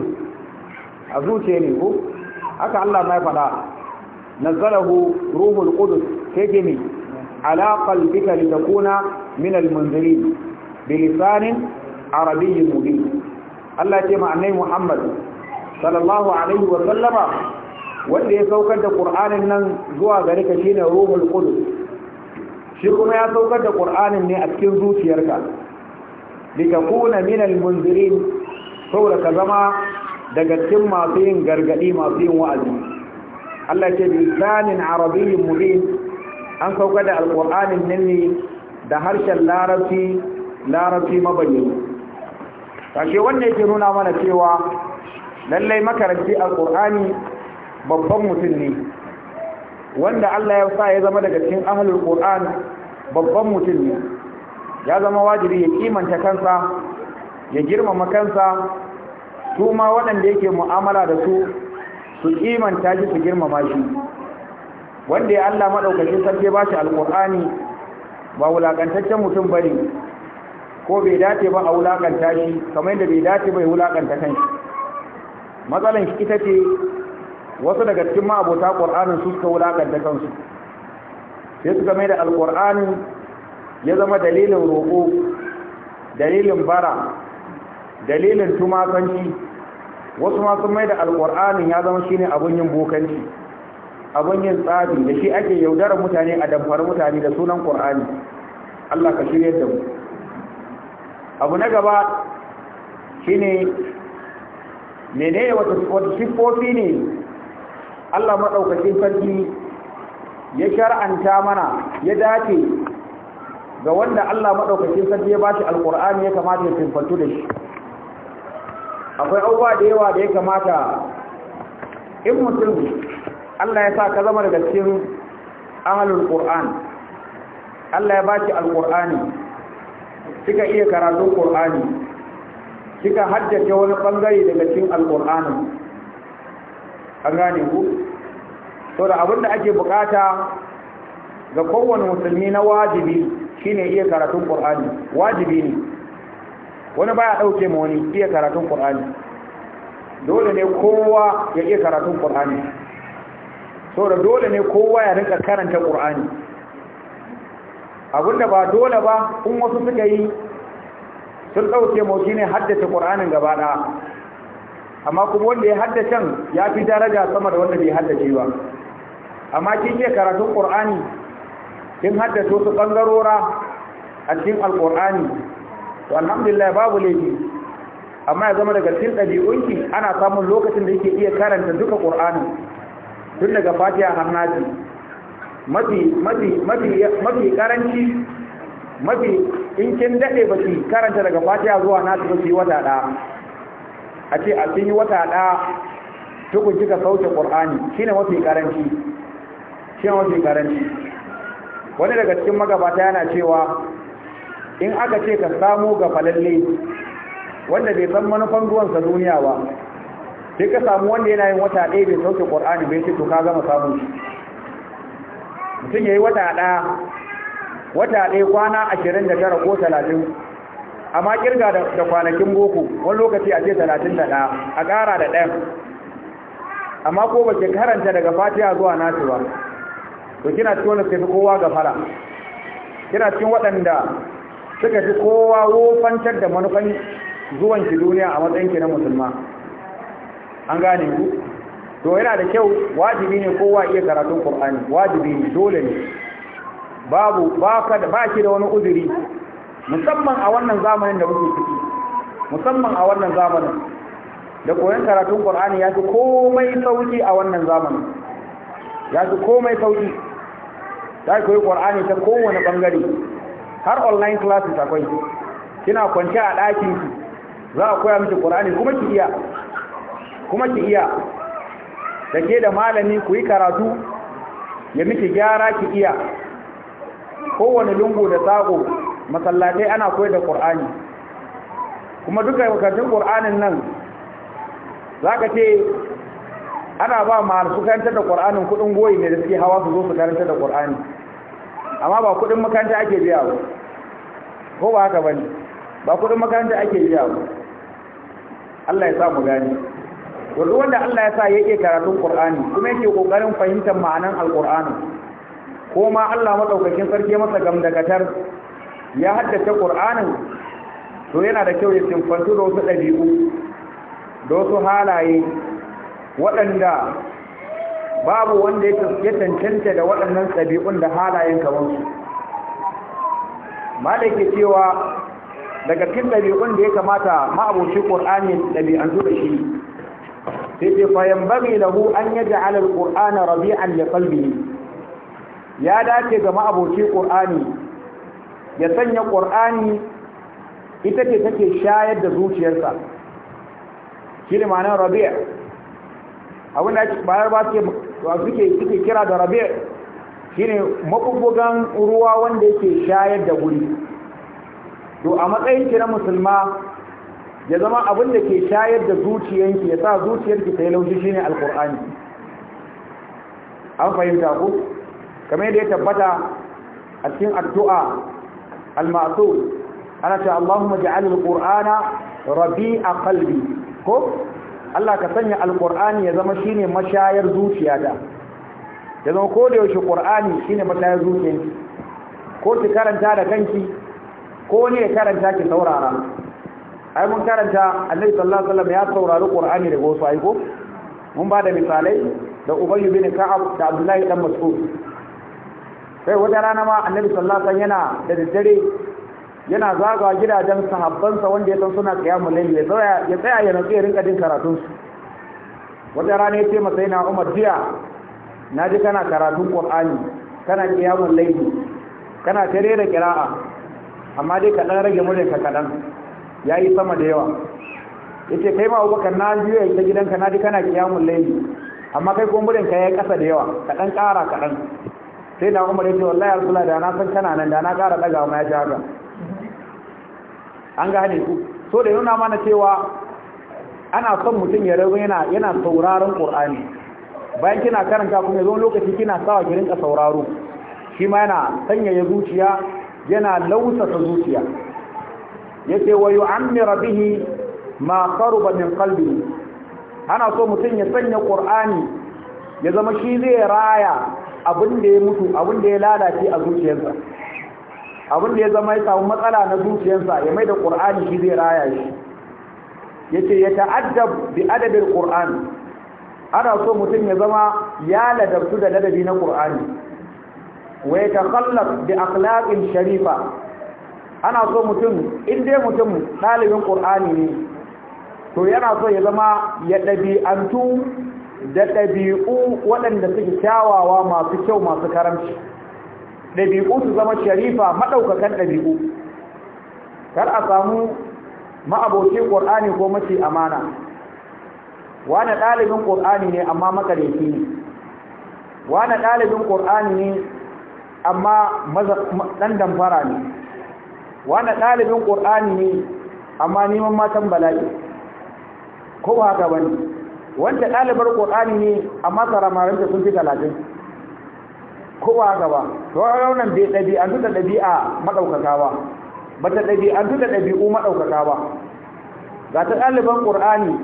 a zuciya ne ko haka Allah mai faɗa nazarahu ruhul qudus take ne ala qalbika litakuna min almunzirin bilisanin arabiyyin mubin Allah ce ma annabi Muhammad sallallahu alaihi wa sallama wanda ya saukar da Qur'anin nan zuwa gare ka shine Ruhul Qudus shi kuma ya saukar da Qur'anin ne a cikin zuciyarka likakuna min almunzirin saboda ka zama daga cikin masu yin gargaɗi masu yin wa'azi Allah ce lisanin arabiyyin mubin an sauka da alqur'anin nan ne da harshen larabci larabci mabayyana kashe wannan yake nuna mana cewa lallai makaranci Alƙur'ani babban mutum ne wanda Allah ya sa ya zama daga cikin ahlul qur'an babban mutum ne ya zama wajibi ya kimanta kansa ya girmama kansa su ma waɗanda yake mu'amala da su su kimanta shi su girmama shi wanda ya Allah maɗaukacin sarki ba shi alƙur'ani ba wulaƙantaccen mutum ne, ko bai dace ba a wulaƙanta shi kamar yadda bai dace bai wulaƙanta kan shi matsalan shi ita ce wasu daga cikin ma'abota ƙur'anin su suka wulaƙanta kansu sai suka mai da alƙur'ani ya zama dalilin roƙo dalilin bara dalilin tumakanci wasu ma sun mai da ya zama shine abun yin bokanci abun yin tsafi da shi ake yaudarar mutane a damfar mutane da sunan ƙur'ani Allah ka shirye da mu abu na gaba shine menene wata siffofi ne Allah maɗaukacin sarki ya shar'anta mana ya dace ga wanda Allah maɗaukacin sarki ya ba shi alƙur'ani ya kamata ya simfantu da shi akwai abubuwa da yawa da ya kamata in mutum Allah ya sa ka zama daga cikin ahalul Qur'an Allah ya baki alqur'ani kika iya karatun Qur'ani kika haddace wani bangare daga cikin alqur'ani an gane ku to da abin da ake bukata ga kowane musulmi na wajibi shine iya karatun Qur'ani wajibi ne wani ba baya ɗauke ma wani iya karatun ƙur'ani, dole ne kowa ya iya karatun qur'ani saboda dole ne kowa ya rinka karanta ƙur'ani, abinda ba dole ba in wasu suka yi sun ɗauke mu ne haddace qur'anin gaba ɗa amma kuma wanda ya haddacen ya fi daraja sama da wanda bai haddace ba amma kin iya karatun ƙur'ani kin haddace su bangarora a cikin alqur'ani to alhamdulillah babu laifi amma ya zama daga cikin ɗabi'unki ana samun lokacin da yake iya karanta duka ƙur'anin tun daga fatiha har nati mafi mafi mafi mafi karanci mafi in kin dade ba ki karanta daga fatiha zuwa nati ba ki wata ɗaya a ce a cikin wata ɗaya tukun kika sauke ƙur'ani shine mafi karanci shine mafi karanci wani daga cikin magabata yana cewa in aka ce ka samu ga falalle wanda bai san manufan ruwansa duniya ba sai ka samu wanda yana yin wata ɗaya bai sauke ƙor'ani bai ce to ka gama samun shi mutum ya yi wata ɗaya wata ɗaya kwana ashirin da tara ko talatin amma kirga da kwanakin boko wani lokaci a ce talatin da ɗaya a ƙara da ɗaya. amma ko ba ke karanta daga fatiha zuwa nasu ba to kina cikin wanda ke fi kowa gafara kina cikin waɗanda suka fi kowa wofantar da manufan zuwan ki duniya a matsayin ki na musulma an gane ku to yana da kyau wajibi ne kowa iya karatun qur'ani wajibi ne dole ne babu ba ka da ba ki da wani uzuri musamman a wannan zamanin da muke ciki musamman a wannan zamanin da koyon karatun qur'ani ya fi komai sauki a wannan zamanin ya fi komai sauki za ki koyi qur'ani ta kowane bangare har online classes akwai kina kwance a ɗakin ki za a koya miki Qur'ani kuma ki iya kuma ki iya da ke da malami ku yi karatu ya miki gyara ki iya kowane lungu da sago masallatai ana koyar da Qur'ani kuma duka makarantun Qur'anin nan zaka ce ana ba masu karantar da Qur'anin kudin goyi ne da suke hawa su zo su karanta da Qur'ani amma ba kudin makaranta ake biya ba ko ba haka bane ba kudin makaranta ake yi abu Allah ya sa mu gani wanda wanda Allah ya sa yake karatun Qur'ani kuma yake kokarin fahimtar ma'anan Al-Qur'ani ko ma Allah madaukakin sarki masa gamdakatar ya haddace Qur'ani to yana da kyau ya tsimfantu da wasu dabi'u, da wasu halaye waɗanda babu wanda ya cancanta da waɗannan ɗabi'un da halayen kamar su malai ke cewa daga cikin ɗabi'un da ya kamata ma'aboci ƙur'ani ɗabi'antu da shi sai ce fayan bari lahu an ya ja'ala al-qur'ana rabi'an li qalbihi ya dace ga ma'abocin ƙur'ani ya sanya ƙur'ani ita ce take shayar da zuciyarsa shi ne ma'anar Rabi'a, abin da bayar ba suke suke kira da Rabi'a? shine mabubbugan ruwa wanda yake shayar da guri to a matsayin ki na musulma ya zama abin da ke shayar da zuciyanki ya sa zuciyarki ta yi laushi shine alkur'ani an fahimta ku kamar yadda ya tabbata a cikin addu'a almasu ana ce Allahumma ja'al al rabi'a qalbi ko Allah ka sanya al ya zama shine mashayar zuciyata ya zama ko da yaushe qur'ani shine matayin zuciyarki ko ki karanta da kanki ko wani ya karanta ki saurara ai mun karanta annabi sallallahu alaihi wasallam ya saurari qur'ani da wasu ai ko mun ba da misalai da ubay bin ka'ab da abdullahi dan mas'ud sai wata rana ma annabi sallallahu alaihi wasallam yana da daddare yana zagawa gidajen sahabbansa wanda ya san suna qiyamul layl ya tsaya ya tsaya ya rinka karatun su wata rana ya ce masa yana Umar jiya na ji kana karatun ƙur'ani kana ƙiyamun laifi kana tare da ƙira'a amma dai kaɗan rage murinka kaɗan ya yi sama da yawa ya ce kai ma abubakar na biyu ta gidanka na ji kana ƙiyamun laifi amma kai kuma murinka ya yi ƙasa da yawa kaɗan ƙara kaɗan sai da umar ya ce wallahi alkula da na san kana nan da na ƙara ɗaga ma ya ji haka an gane ku so da nuna mana cewa ana son mutum ya rabu yana sauraron ƙur'ani bayan kina karanta kuma zo lokaci kina sawa ki rinka sauraro shi ma yana sanyaya zuciya yana lausasa zuciya yace wa yu'ammira bihi ma qaruba min qalbi ana so mutum ya sanya qur'ani ya zama shi zai raya abin da ya mutu abin da ya lalace a zuciyarsa abin da ya zama ya samu matsala na zuciyarsa ya mai da qur'ani shi zai raya shi yace ya ta'addab bi adabil qur'an ana so mutum ya zama ya ladabtu da ladabi na ƙur'ani. wa yatakhallaq bi akhlaqin sharifa ana so mutum inda dai mutum ɗalibin ƙur'ani ne to yana so ya zama ya ɗabi'antu da ɗabi'u waɗanda suke kyawawa masu kyau masu karamci Ɗabi'u su zama sharifa maɗaukakan ɗabi'u. kar a samu ma'abocin ƙur'ani ko mace amana wani ɗalibin ƙor'ani ne amma makareci ne wani ɗalibin ƙor'ani ne amma ɗan damfara ne wani ɗalibin ƙor'ani ne amma neman matan bala'i ko ba haka ba ne wanda ɗalibar ƙor'ani ne amma saramarinta sun fi talatin ko ba haka ba to raunan bai ɗabi'antu da ɗabi'a maɗaukaka ba ba ta ɗabi'antu da ɗabi'u maɗaukaka ba ga ta ɗaliban ƙor'ani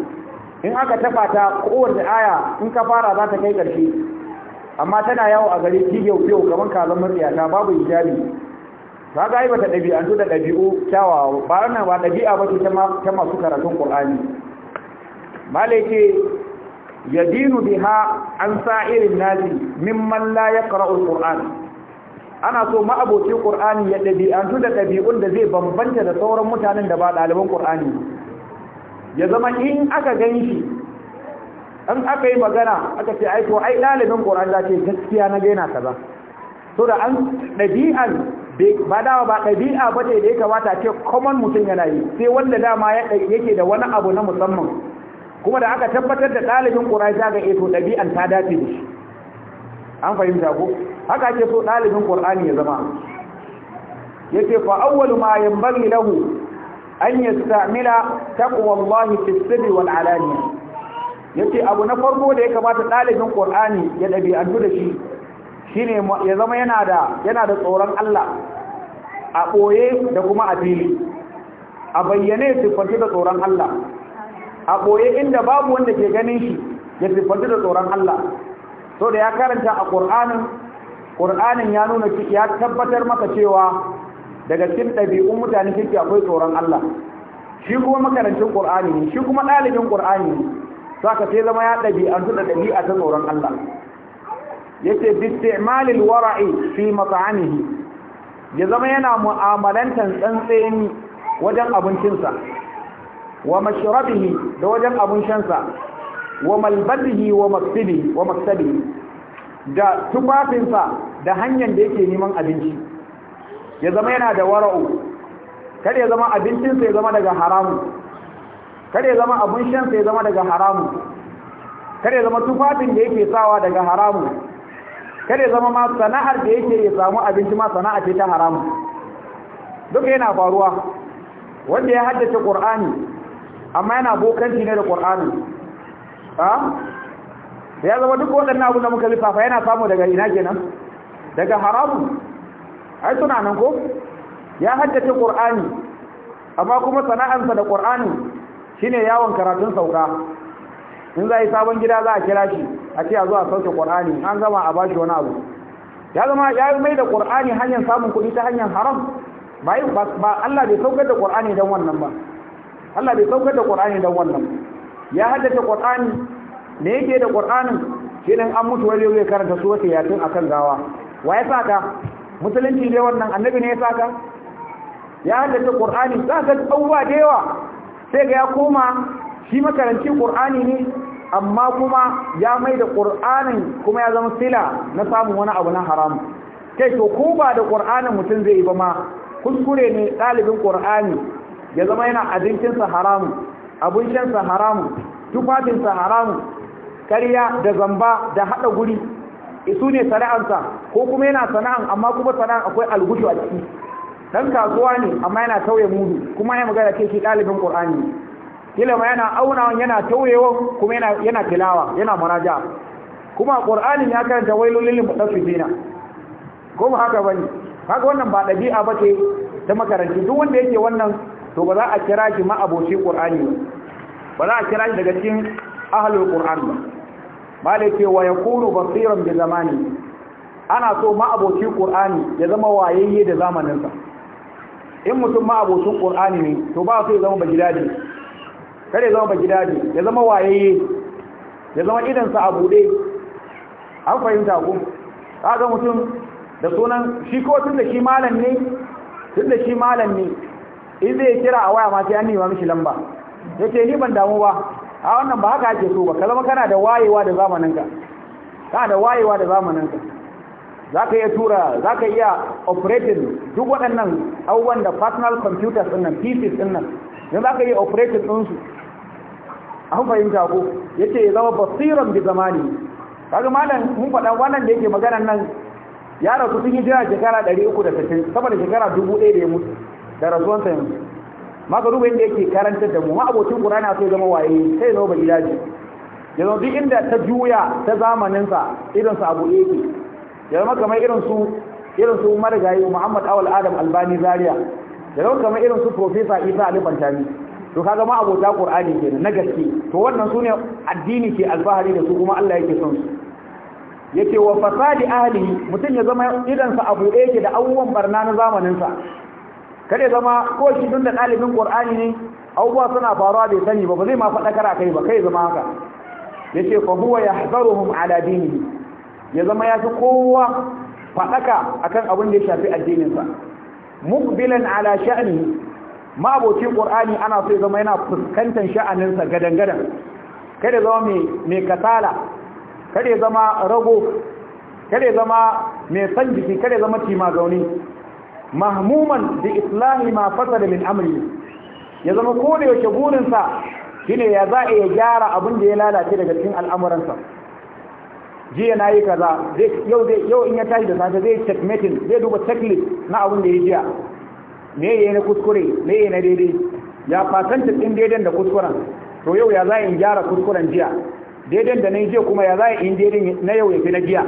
in aka tafa ta kowace aya in ka fara za ta kai ƙarshe amma tana yawo a gari kigiyau kiyau kamar kazan ta, babu hijabi ba ga ɗabi'antu da ɗabi'u kyawawa ba nan ba ɗabi'a ba ce ta masu karatun Kur'ani. malaike ya dinu biha an sa irin nazi mimman la ya ƙara'ul ƙur'ani ana so ma'abocin ƙur'ani ya ɗabi'antu da ɗabi'un da zai bambanta da sauran mutanen da ba ɗaliban Kur'ani. ya zama in aka ganshi, shi in aka yi magana aka ce aiko ai ɗalibin ƙoran za ce gaskiya na gaina kaza so da an ɗabi'an ba dawa ba ɗabi'a ba ce da ya kamata ce common mutum yana yi sai wanda dama yake da wani abu na musamman kuma da aka tabbatar da ɗalibin ƙoran za ga eto ɗabi'an ta dace da shi an fahimta ko haka ce so ɗalibin ƙorani ya zama ya ce fa awwalu ma yanbaghi lahu an yi yastamila taqwallahi fi sirri wal alaniya ce abu na farko da ya kamata ɗalibin ƙor'ani ya ɗabi'antu da shi shi ne ya zama yana da tsoron Allah a ɓoye da kuma a fili a bayyane sifantu da tsoron Allah a ɓoye inda babu wanda ke ganin shi ya sifantu da tsoron Allah so da ya karanta a qur'anin qur'anin ya nuna ya tabbatar maka cewa daga cikin ɗabi'un mutane kirki akwai tsoron Allah shi kuma makarancin Qur'ani ne shi kuma ɗalibin Qur'ani ne saka sai zama ya su da ɗabi'a ta tsoron Allah yace bi isti'malil wara'i fi mat'amihi ya zama yana mu'amalantan tsantseni wajen abincinsa wa mashrabihi da wajen abin shansa wa malbasihi wa maktabihi wa maktabihi da tufafinsa da hanyar da yake neman abinci ya zama yana da wara'u kada ya zama abincinsa ya zama daga haramu kada ya zama shan sa ya zama daga haramu kada ya zama tufafin da yake sawa daga haramu kada ya zama ma sana'ar da yake ya samu abinci ma sana'a ce ta haramu duka yana faruwa wanda ya haddace qur'ani amma yana bokanci ne da qur'ani ha ya zama duk waɗannan abu da muka lissafa yana samu daga ina kenan daga haramu ai suna nan ko ya haddace qur'ani amma kuma sana'ansa da qur'ani shine yawon karatun sauka in za yi sabon gida za a kira shi a ce a zo a sauke qur'ani an gama a bashi wani abu ya zama ya mai da qur'ani hanyar samun kuɗi ta hanyar haram ba Allah bai saukar da qur'ani dan wannan ba Allah bai saukar da qur'ani dan wannan ya haddace qur'ani me yake da qur'anin shi an mutu wani zai karanta su wata yatin akan gawa wa ya ka? musulunci ne wannan annabi ne ya saka ya haddace qur'ani saka abubuwa da yawa sai ga ya koma shi makaranci qur'ani ne amma kuma ya mai da qur'anin kuma ya zama sila na samun wani abu na haramu kai to ko ba da kur'anin mutum zai yi ba ma kuskure ne ɗalibin qur'ani ya zama yana abincinsa haramu abincinsa haramu tufafinsa haramu ƙarya da zamba da haɗa guri su ne sana'arsa ko kuma yana sana'an amma kuma sana'an akwai algushu a ciki dan kasuwa ne amma yana tauye mudu kuma ya magana ke shi ɗalibin qur'ani kila ma yana aunawan yana tauyewa kuma yana yana tilawa yana muraja kuma qur'ani ya karanta lil mutaffifina ko ba haka bane haka wannan ba dabi'a bace ta makaranci duk wanda yake wannan to ba za a kira shi ma abocin qur'ani ba za a kira shi daga cikin ahlul qur'ani ba malike wa yakunu basiran bi zamani ana so ma'abocin qur'ani ya zama wayayye da zamaninsa in mutum ma'abocin qur'ani ne to ba sai ya zama bagidaji kare zama bagidaji ya zama wayayye ya zama idan sa abude an fahimta ku kaga mutum da sunan shi ko tun da shi malam ne tun da shi malam ne in zai kira a waya ma sai an nima mishi lamba yace ni ban damu ba a wannan ba haka ake so ba ka zama kana da wayewa da zamaninka kana da wayewa da zamaninka za ka iya tura za ka iya operating duk waɗannan abubuwan da personal computers ɗin nan pcs ɗin nan yanzu za ka iya operating ɗinsu an fahimta ko ya ce ya zama basiran bi zamani kaga malam mun faɗa wannan da yake magana nan ya rasu sun yi jira shekara 360 saboda shekara 1000 da ya mutu da rasuwansa yanzu maka duba inda yake karantar da mu ma abotin sai zama waye sai zama bai ilaji yanzu duk inda ta juya ta zamanin sa irin su abu yake zama kamar irin su irin su marigayi Muhammad Awal Adam Albani Zaria yanzu kamar irin su Professor Isa Ali Bantani to kaga ma abota qur'ani kenan na gaske to wannan sune addini ke alfahari da su kuma Allah yake son su yake wa fasadi ahli mutun ya zama idan sa abu yake da abubuwan barna na zamanin sa kare zama ko shi tun da ɗalibin ƙur'ani ne abubuwa suna faruwa bai sani ba ba zai ma faɗakar a kai ba kai zama haka ya ce fa huwa ya hazaruhum ala dinihi ya zama ya fi kowa faɗaka akan abin da ya shafi addininsa mukbilan ala sha'ani ma abocin ana so ya zama yana fuskantar sha'aninsa gadan-gadan kada zama mai mai katala kada zama rago kada zama mai san jiki kada zama cima gauni mahmuman bi islahi ma da min amri ya zama ko da yake burin sa shine ya za ya gyara abin da ya lalace daga cikin al'amuran sa na yi kaza yau yau in ya tashi da safe zai checkmating zai duba checklist na abin da ya jiya me yayi na kuskure me yayi na daidai ya fatanta din daidai da kuskuren to yau ya za in gyara kuskuren jiya daidai da na jiya kuma ya za in daidai na yau ya fi na jiya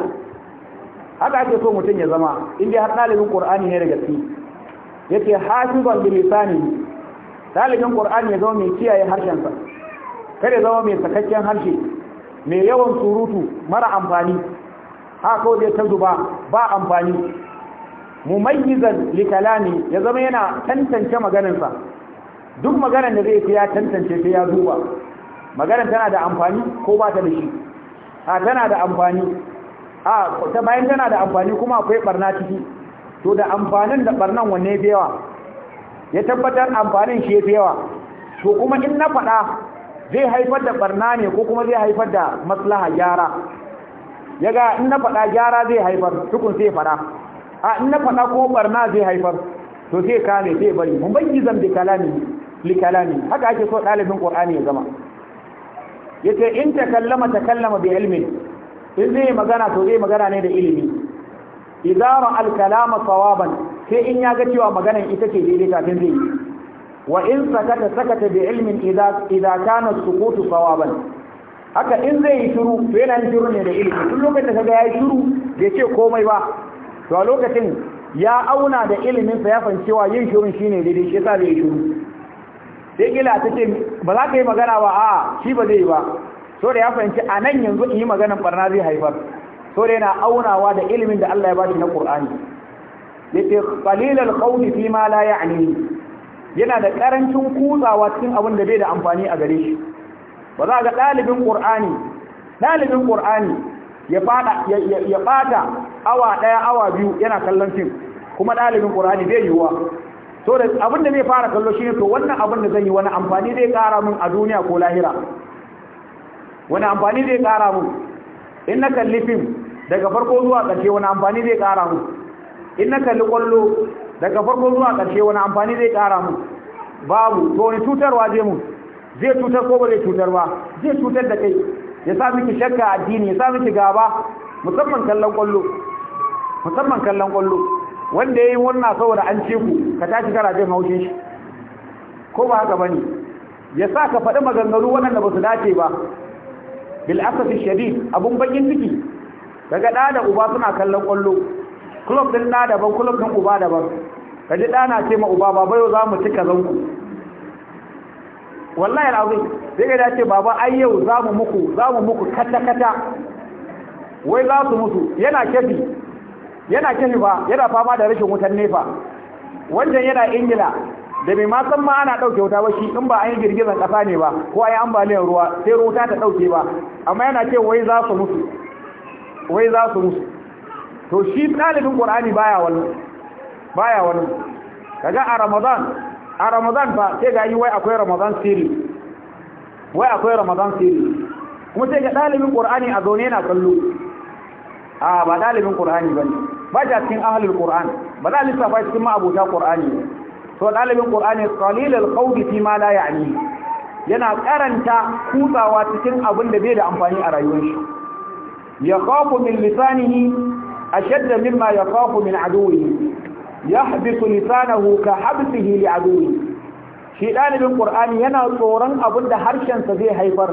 haka ake so mutum ya zama inda har ɗalibin ƙur'ani ne da gaske yake hasiban bi lisani ɗalibin ƙur'ani ya zama mai kiyaye harshensa kada zama mai sakakken harshe mai yawan surutu mara amfani haka zai ta zuba ba amfani mumayyizan li kalami ya zama yana tantance maganarsa duk maganar da zai fi ya tantance ta ya duba maganar tana da amfani ko ba ta da shi a tana da amfani a ta bayan tana da amfani kuma akwai barna ciki to da amfanin da barnan wanne fi yawa ya tabbatar amfanin shi fi yawa to kuma in na faɗa zai haifar da barna ne ko kuma zai haifar da maslaha gyara ya ga in na faɗa gyara zai haifar tukun sai faɗa a in na faɗa ko barna zai haifar to sai kame sai bari mun bayyizan bi kalami li kalami haka ake so ɗalibin qur'ani ya zama yace in takallama takallama bi ilmin in zai magana to zai magana ne da ilimi idara al-kalama sawaban sai in ya ga cewa magana ita ce daidai kafin zai yi wa in sakata sakata bi ilmin idza idza kana sukutu sawaban haka in zai yi shiru to yana yin shiru ne da ilimi duk lokacin da kaga yayi shiru bai ce komai ba to a lokacin ya auna da ilimin sa ya fahimci cewa yin shirun shine daidai shi yasa zai yi shiru sai kila ta ce ba za ka yi magana ba a shi ba zai yi ba so da ya fahimci a nan yanzu in yi maganar barna zai haifar so da yana aunawa da ilimin da Allah ya bashi na Qur'ani yace qalilal qawli fi ma la ya'ni yana da karancin kutsawa cikin abin da bai da amfani a gare shi ba za ga dalibin Qur'ani dalibin Qur'ani ya fada ya fada awa daya awa biyu yana kallon fim kuma dalibin Qur'ani bai yiwa so da abin da bai fara kallo shine to wannan abin da zan yi wani amfani zai kara min a duniya ko lahira wani amfani zai kara mu in na kalli fim daga farko zuwa ƙarshe wani amfani zai kara mu in na kalli ƙwallo daga farko zuwa ƙarshe wani amfani zai kara mu babu to wani cutarwa zai mu zai cutar ko ba zai cutar ba zai cutar da kai ya sa miki shakka addini ya sa miki gaba musamman kallon ƙwallo, musamman kallon ƙwallo. wanda yayi wannan saboda an ce ku ka tashi kara jin haushin shi ko ba haka bane ya sa ka faɗi maganganu waɗanda ba su dace ba bil asafi shadid abun bakin ciki daga da da uba suna kallon ƙwallo. club din da daban club din uba daban kaji da na ce ma uba baba yau zamu cika zanku wallahi alazim sai ga dace baba ai yau zamu muku zamu muku kata kata wai za su mutu yana kefi yana kefi ba yana fama da rashin wutan nefa wannan yana ingila da bai ma san ma ana ɗauke wuta ba shi in ba an yi girgizan ƙasa ne ba ko a yi ambaliyar ruwa sai ruwa ta ɗauke ba amma yana ce wai za su musu wai za su musu to shi ɗalibin ƙur'ani baya wannan baya wannan kaga a ramadan a ramadan fa sai ga yi wai akwai ramadan siri wai akwai ramadan siri kuma sai ga ɗalibin ƙur'ani a zaune yana kallo a ba ɗalibin ƙur'ani ba ne ba ta cikin ahalin ƙur'ani ba za a lissafa cikin ma'abuta ƙur'ani to ɗalibin Qur'ani qalilal khawdi fi ma la ya'ni yana karanta kutsawa cikin abin da bai da amfani a rayuwar shi ya khafu min lisanihi ashadda mimma ya khafu min aduwihi yahbisu lisanahu ka habsihi li aduwihi shi ɗalibin Qur'ani yana tsoron abin da sa zai haifar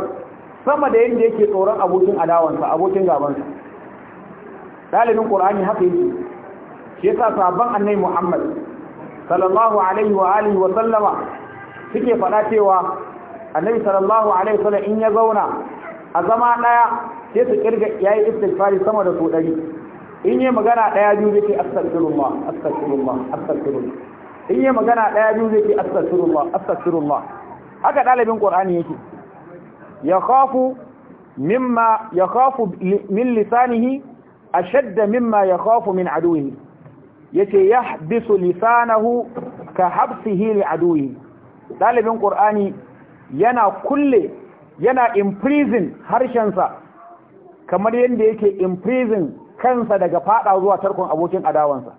sama da yadda yake tsoron abokin adawansa abokin gabansa ɗalibin Qur'ani haka yake shi yasa sabon annai muhammad sallallahu alaihi wa alihi wa sallama suke faɗa cewa annabi sallallahu alaihi wa sallam in ya zauna a zama ɗaya sai su kirga yayi istighfari sama da su ɗari in yi magana ɗaya biyu zai ce astaghfirullah astaghfirullah astaghfirullah in yi magana ɗaya biyu zai ce astaghfirullah astaghfirullah haka ɗalibin qur'ani yake ya khafu mimma ya khafu min lisanihi ashadda mimma ya khafu min aduwihi yace yahbisu lisanahu ka habsihi li aduwi dalibin qur'ani yana kulle yana imprison harshensa kamar yadda yake imprison kansa daga fada zuwa tarkon abokin adawansa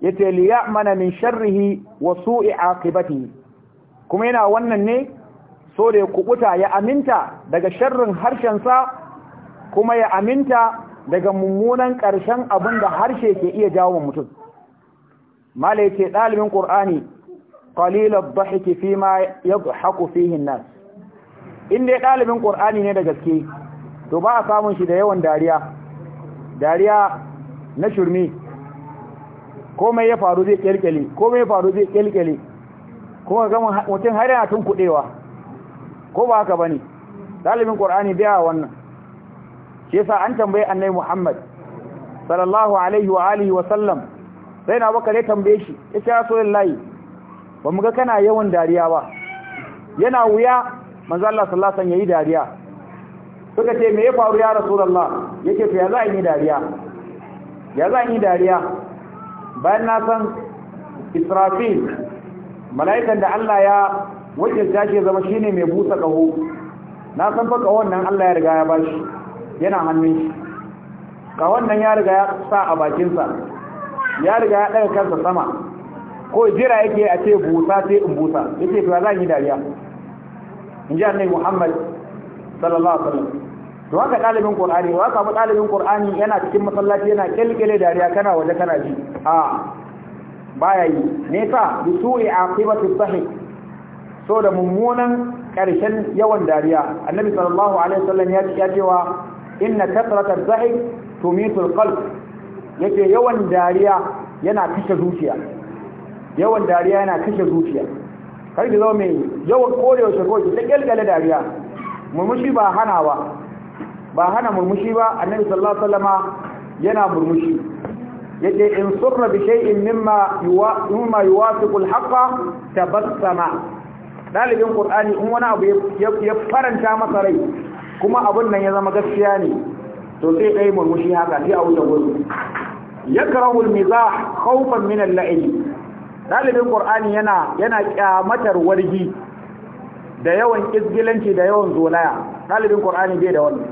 yace liya mana min sharrihi wa su'i aqibatihi kuma yana wannan ne so da ya kubuta ya aminta daga sharrin harshensa kuma ya aminta daga mummunan ƙarshen abin da harshe ke iya jawo wa mutum mala yace ɗalibin qur'ani ƙalilar ad-dhahiki fi ma yadhaku fihi an-nas inda ɗalibin ne da gaske to ba a samun shi da yawan dariya dariya na shirmi komai ya faru zai kelkele komai ya faru zai kelkele kuma ga mutum har yana tun kuɗewa, ko ba haka ne? Ɗalibin ƙurani bai wannan yasa an tambaye annai Muhammad sallallahu alaihi wa alihi wa sallam sai na baka tambaye shi yace ya ba mu ga kana yawan dariya ba yana wuya manzo Allah sallallahu alaihi yayi dariya suka ce me ya faru ya rasulullah yake to ya za yi dariya ya za yi dariya bayan na san Israfil mala'ikan da Allah ya wajen shi zama shine mai busa kaho na san fa kahon nan Allah ya riga ya bashi yana hannun shi ka wannan ya riga ya sa a bakinsa ya riga ya ɗaga kansa sama ko jira yake a ce busa sai in busa yake to za yi dariya in ji annabi muhammad sallallahu alaihi wasallam to haka ɗalibin qur'ani wa haka ɗalibin qur'ani yana cikin masallaci yana kelkele dariya kana waje kana ji a baya yi ne ka bi su'i aqibatu sahi so da mummunan ƙarshen yawan dariya annabi sallallahu alaihi wasallam ya ce ya cewa inna kasratar zahir tumitul qalb yake yawan dariya yana kashe zuciya yawan dariya yana kashe zuciya kar ki zama mai yawan korewa shako ki ta kelkale dariya murmushi ba hana ba hana murmushi ba annabi sallallahu alaihi yana murmushi yace in surra bi shay'in mimma yuwa mimma yuwafiqu al tabassama dalibin qur'ani in wani abu ya faranta masa rai kuma abin nan ya zama gaskiya ne to sai ɗaya murmushi haka sai a wuce gudu ya karawul miza haufan minan la'ini ɗalibin ƙur'ani yana yana ƙyamatar wargi da yawan izgilanci da yawan zolaya ɗalibin ƙur'ani bai da wannan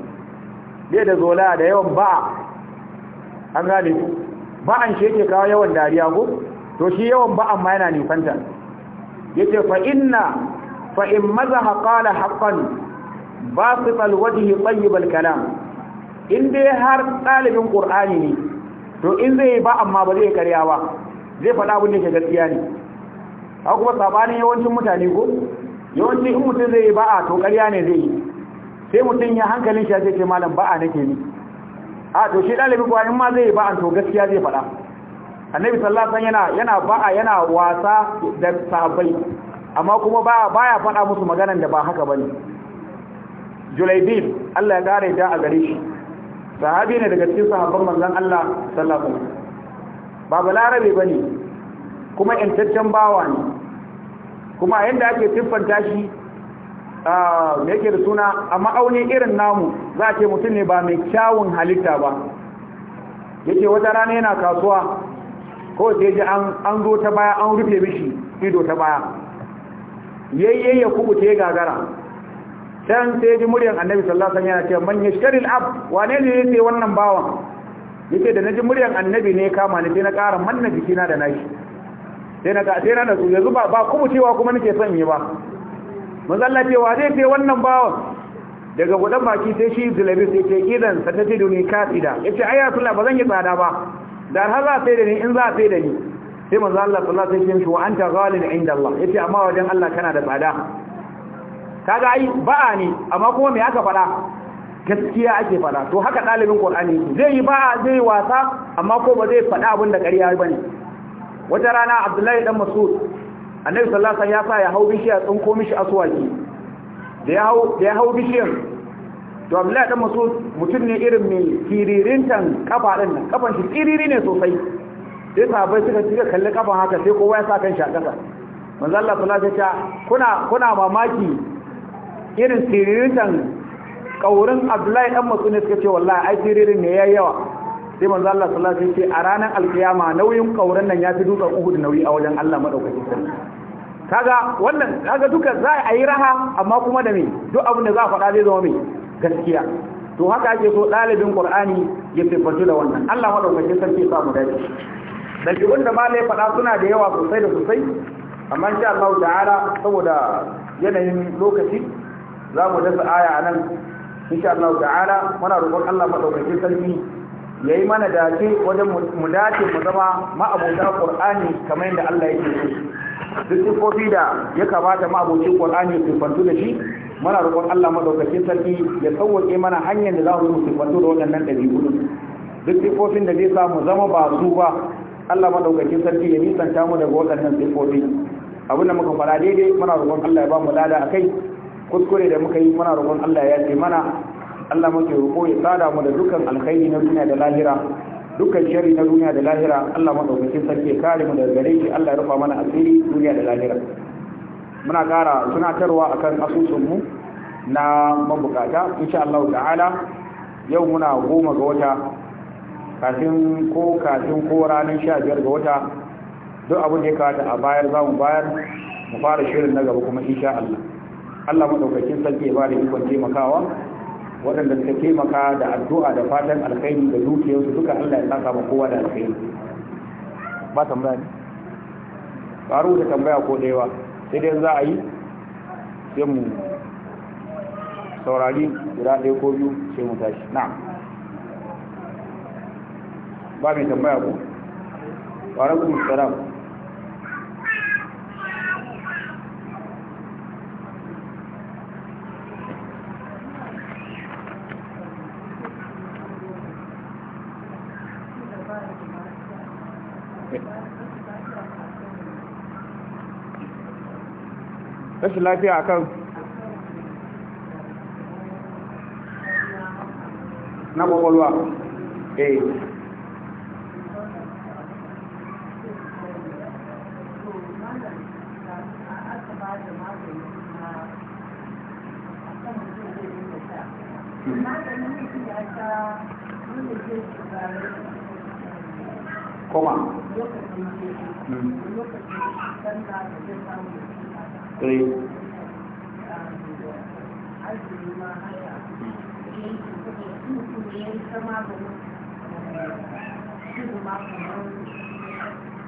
bai da zolaya da yawan ba'a an gane an shi yake kawo yawan dariya ko to shi yawan ba'an ma yana nufanta. yake fa inna fa in mazaha qala haqqan basital wajhi tayyibal kalam in dai har ɗalibin qur'ani ne to in zai ba amma ba zai karya ba zai faɗa abin da ke gaskiya ne haka kuma sabanin yawancin mutane ko Yawancin in mutum zai ba a to karya ne zai sai mutum ya hankalin shi ya ce malam ba'a nake ni a to shi ɗalibin qur'ani in ma zai ba an to gaskiya zai faɗa annabi sallallahu alaihi wasallam yana yana a yana wasa da sahabbai amma kuma ba baya faɗa musu maganar da ba haka bane julaibin Allah ya gare da a gare shi sahabi ne daga cikin sahabban manzan Allah sallallahu alaihi wasallam ba balarabe bane kuma intaccen bawa ne kuma yanda ake tiffanta shi me yake da suna a ma'auni irin namu za a ce mutum ne ba mai kyawun halitta ba yake wata rana yana kasuwa ko sai ji an zo ta baya an rufe mishi ido ta baya yayye ya kubuta ya gagara dan sai ji muryan annabi sallallahu alaihi wasallam yana cewa man yashkari al-ab wane ne yake wannan bawan yake da naji muryan annabi ne kama ni sai na ƙara manna na da nashi sai na ga sai na nazo yanzu ba ba kuma cewa kuma nake son yi ba manzo Allah ce wa zai ce wannan bawan daga gudan baki sai shi zulabi sai ce idan satatiduni kafida yace ayya sallah ba zan yi tsada ba da har za sai da ni in za sai da ni sai manzo Allah sallallahu alaihi wasallam shi wa anta ghalin inda Allah yace amma wajen Allah kana da tsada kaga ai ba'a ne amma kuma me aka fada gaskiya ake fada to haka dalibin qur'ani zai yi ba'a zai wasa amma ko ba zai fada abin da ƙarya ne? wata rana abdullahi dan mas'ud annabi sallallahu alaihi wasallam ya sa ya hau bishiya tsinko mishi aswaki da ya hau da ya hau bishiyar to abdullahi dan mas'ud mutum ne irin mai kiririntan kafa din nan kafan shi kiriri ne sosai sai bai suka tsira kalli kafan haka sai kowa ya sa kan shi a kasa manzo Allah sallallahu alaihi wasallam kuna kuna mamaki irin siririn ƙaurin abdullahi ɗan matsuni suka ce wallahi ai siririn ne ya yawa sai manzo Allah sallallahu alaihi wasallam ce a ranar alkiyama nauyin ƙaurin nan ya fi dutsen Uhud nauyi a wajen Allah madaukaki kaga wannan kaga duka za a yi raha amma kuma da me duk abin da za a faɗa zai zama me gaskiya to haka ake so ɗalibin Qur'ani ya tabbatu da wannan Allah madaukaki sarki ya mu dace dalilin da malai faɗa suna da yawa sosai da sosai amma insha Allah ta'ala saboda yanayin lokaci za mu dasa aya a nan insha Allah ta'ala muna roƙon Allah madaukakin sarki yi mana dace wajen mu dace mu zama ma'abota Qur'ani kamar yadda Allah yake so duk sifofi da ya kamata ma'abocin Qur'ani su fantu da shi muna roƙon Allah madaukakin sarki ya sauwake mana hanyar da za mu su fantu da waɗannan ɗabi'u duk sifofin da zai sa mu zama ba su ba Allah madaukakin sarki ya nisanta mu daga waɗannan sifofi abin da muka fara daidai muna roƙon Allah ya ba mu lada akai kuskure da muka yi muna roƙon Allah ya ce mana Allah muke roƙo ya tsada mu da dukkan alkhairi na duniya da lahira dukkan shari na duniya da lahira Allah madaukakin sarki ya kare mu daga gare shi Allah ya rufa mana asiri duniya da lahira muna ƙara tunatarwa akan asusun mu na mabukata insha Allah ta'ala yau muna goma ga wata kafin ko kafin ko ranar sha biyar ga wata duk abin da ya kawata a bayar za mu bayar mu fara shirin na gaba kuma insha Allah Allah madaukakin sarki ya bada ikon taimakawa waɗanda suka taimaka da addu'a da fatan alkhairi da dukiyarsu duka Allah ya saka ma kowa da alkhairi ba tambaya ne Faru da tambaya ko ɗaya sai dai za a yi sai mu saurari guda ɗaya ko biyu sai mu tashi na ba mai tambaya ko Faru rubuta salam rashin lafiya kan? na kwakwalwa eh koma hmm.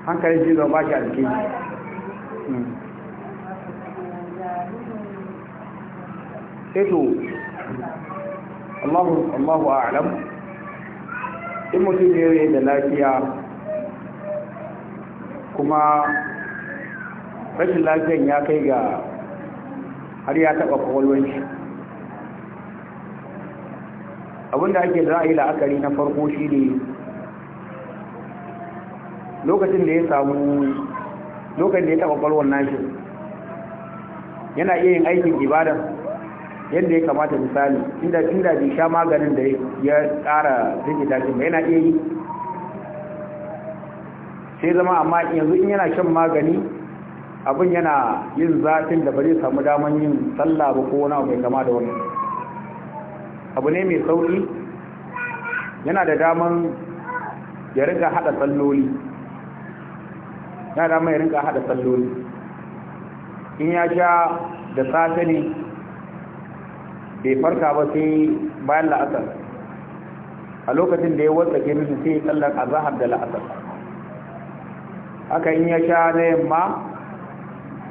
hankali ji zama shi a jikin hmm. eto eh allahu a'lam in mutum ne da lafiya kuma rashin lafiyan ya kai ga har ya taba kwakwalwar shi abinda ake za a yi la'akari na farko shi ne lokacin da ya samu lokacin da ya taɓa kwalwar nashi yana iya yin aikin ibadan yadda ya kamata misali inda inda bai sha maganin da ya tsara rikita shi yana iya yi sai zama amma yanzu in yana shan magani abin yana yin zafin da ba zai samu daman yin sallah ba ko wani abu mai kama da wani abu ne mai sauƙi yana da daman ya rinka haɗa salloli yana daman ya rinka haɗa salloli in ya sha da safe ne bai farka ba sai bayan la'asar a lokacin da ya wata ke nufin sai sallar azahar da la'asar haka in ya sha na yamma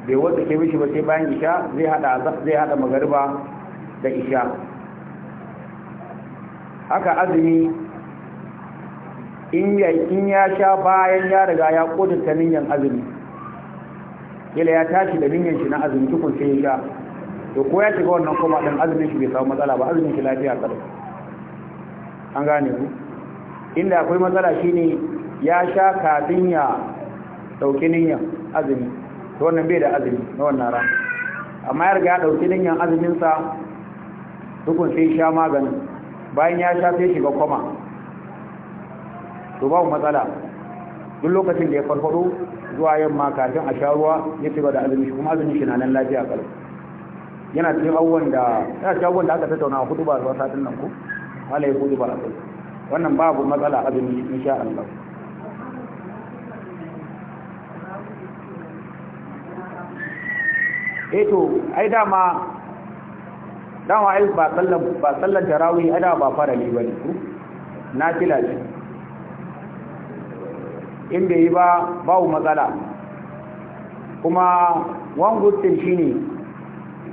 bai wata ke mishi ba sai bayan isha zai hada zai hada magariba da isha haka azumi in ya in ya sha bayan ya riga ya kodinta niyyar azumi kila ya tashi da niyyar shi na azumi tukun sai ya sha to ko ya shiga wannan kuma dan azumin shi bai samu matsala ba azumin shi lafiya kada an gane ku inda akwai matsala shine ya sha kafin ya dauki niyyar azumi to wannan bai da azumi na wannan rana amma ya riga ya dinyan azumin sa dukun sai sha maganin bayan ya sha sai shiga kwama to babu matsala duk lokacin da ya farfado zuwa yamma kafin a sha ruwa ya shiga da azumi kuma azumin shi na nan lafiya kar yana cikin abubuwan da yana cikin abubuwan da aka tattauna a hudu ba zuwa satin nan ko hala ya hudu ba a kai wannan babu matsala azumi insha Allah eh to ai dama dama ai ba sallan ba sallan tarawih ai dama ba farali bane na nafila ne in bai yi ba babu matsala kuma wangutin shine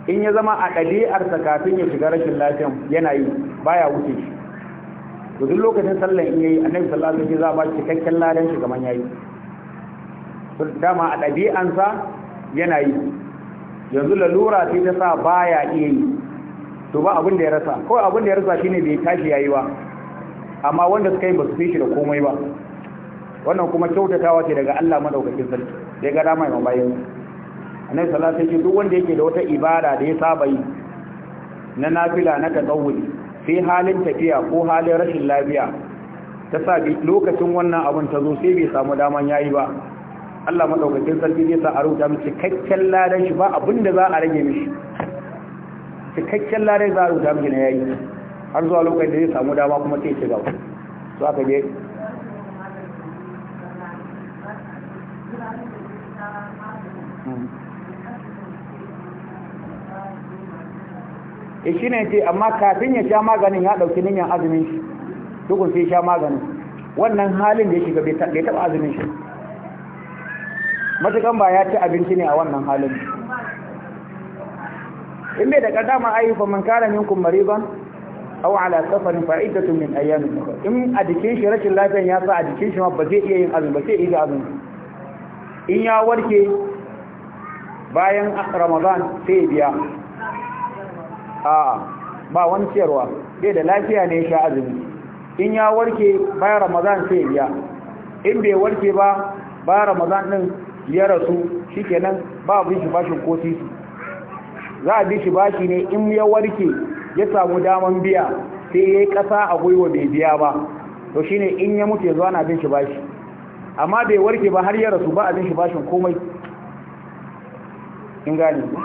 in ya zama a ɗabi'arsa kafin ya shiga rashin lafiyan yana yi baya wuce shi to duk lokacin sallan in yayi annabi sallallahu alaihi wasallam ya ba cikakken ladan shi kaman yayi dama a ɗabi'ansa yana yi yanzu lalura sai ta sa baya iya yi to ba abin da ya rasa ko abin da ya rasa shine bai tashi yayi ba amma wanda suka yi ba su fi da komai ba wannan kuma kyautatawa ce daga Allah madaukakin sarki da ga dama mai bayan annabi sallallahu alaihi wasallam duk wanda yake da wata ibada da ya saba yi na nafila na tazawwudi sai halin tafiya ko halin rashin lafiya ta sa lokacin wannan abin ta zo sai bai samu daman yayi ba Allah madaukakin sarki zai sa a rubuta mishi cikakken ladan shi ba da za a rage mishi cikakken ladan za a rubuta mishi na yayi har zuwa lokacin da zai samu dama kuma sai ya ci gaba to aka je e eh, shi ne ce amma kafin ya sha maganin ya ɗauki niyan azumin shi dukun sai sha maganin wannan halin da ya shiga bai taɓa azumin shi matukan ba ya ci abinci ne a wannan halin in bai da kadama ayi fa man kana minkum mariban aw ala safarin fa min ayyamin in a jikin shi rashin lafiyan ya sa a jikin shi ma ba zai iya yin azumi ba sai iya azumi in ya warke bayan ramadan sai biya a ba wani ciyarwa bai da lafiya ne sha azumi in ya warke bayan ramadan sai biya in bai warke ba bayan ramadan din ya rasu shikenan ba abin shi bashin ko titi za a bishi shi bashi ne in ya warke ya samu daman biya sai ya yi ƙasa a gwiwa bai biya ba to shine in ya mutu yanzu ana bin shi bashi amma bai warke ba har ya rasu ba a bishi shi bashin komai in gani ku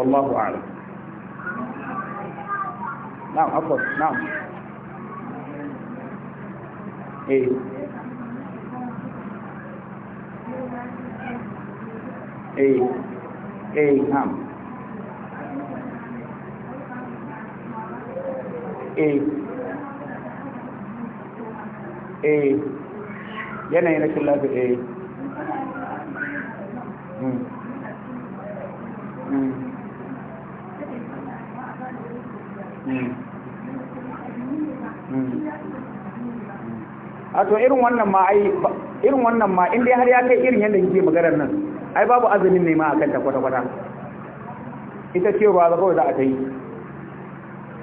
wallahu a'lam na'am afwan na'am eh eh A. A. eh na yanayin rashin lafiya eh a to irin wannan ma irin wannan ma inda ya har ya kai irin yadda yake maganar nan ai babu azumin ne ma a kanta kwata-kwata ita ce ba kawai za a ta yi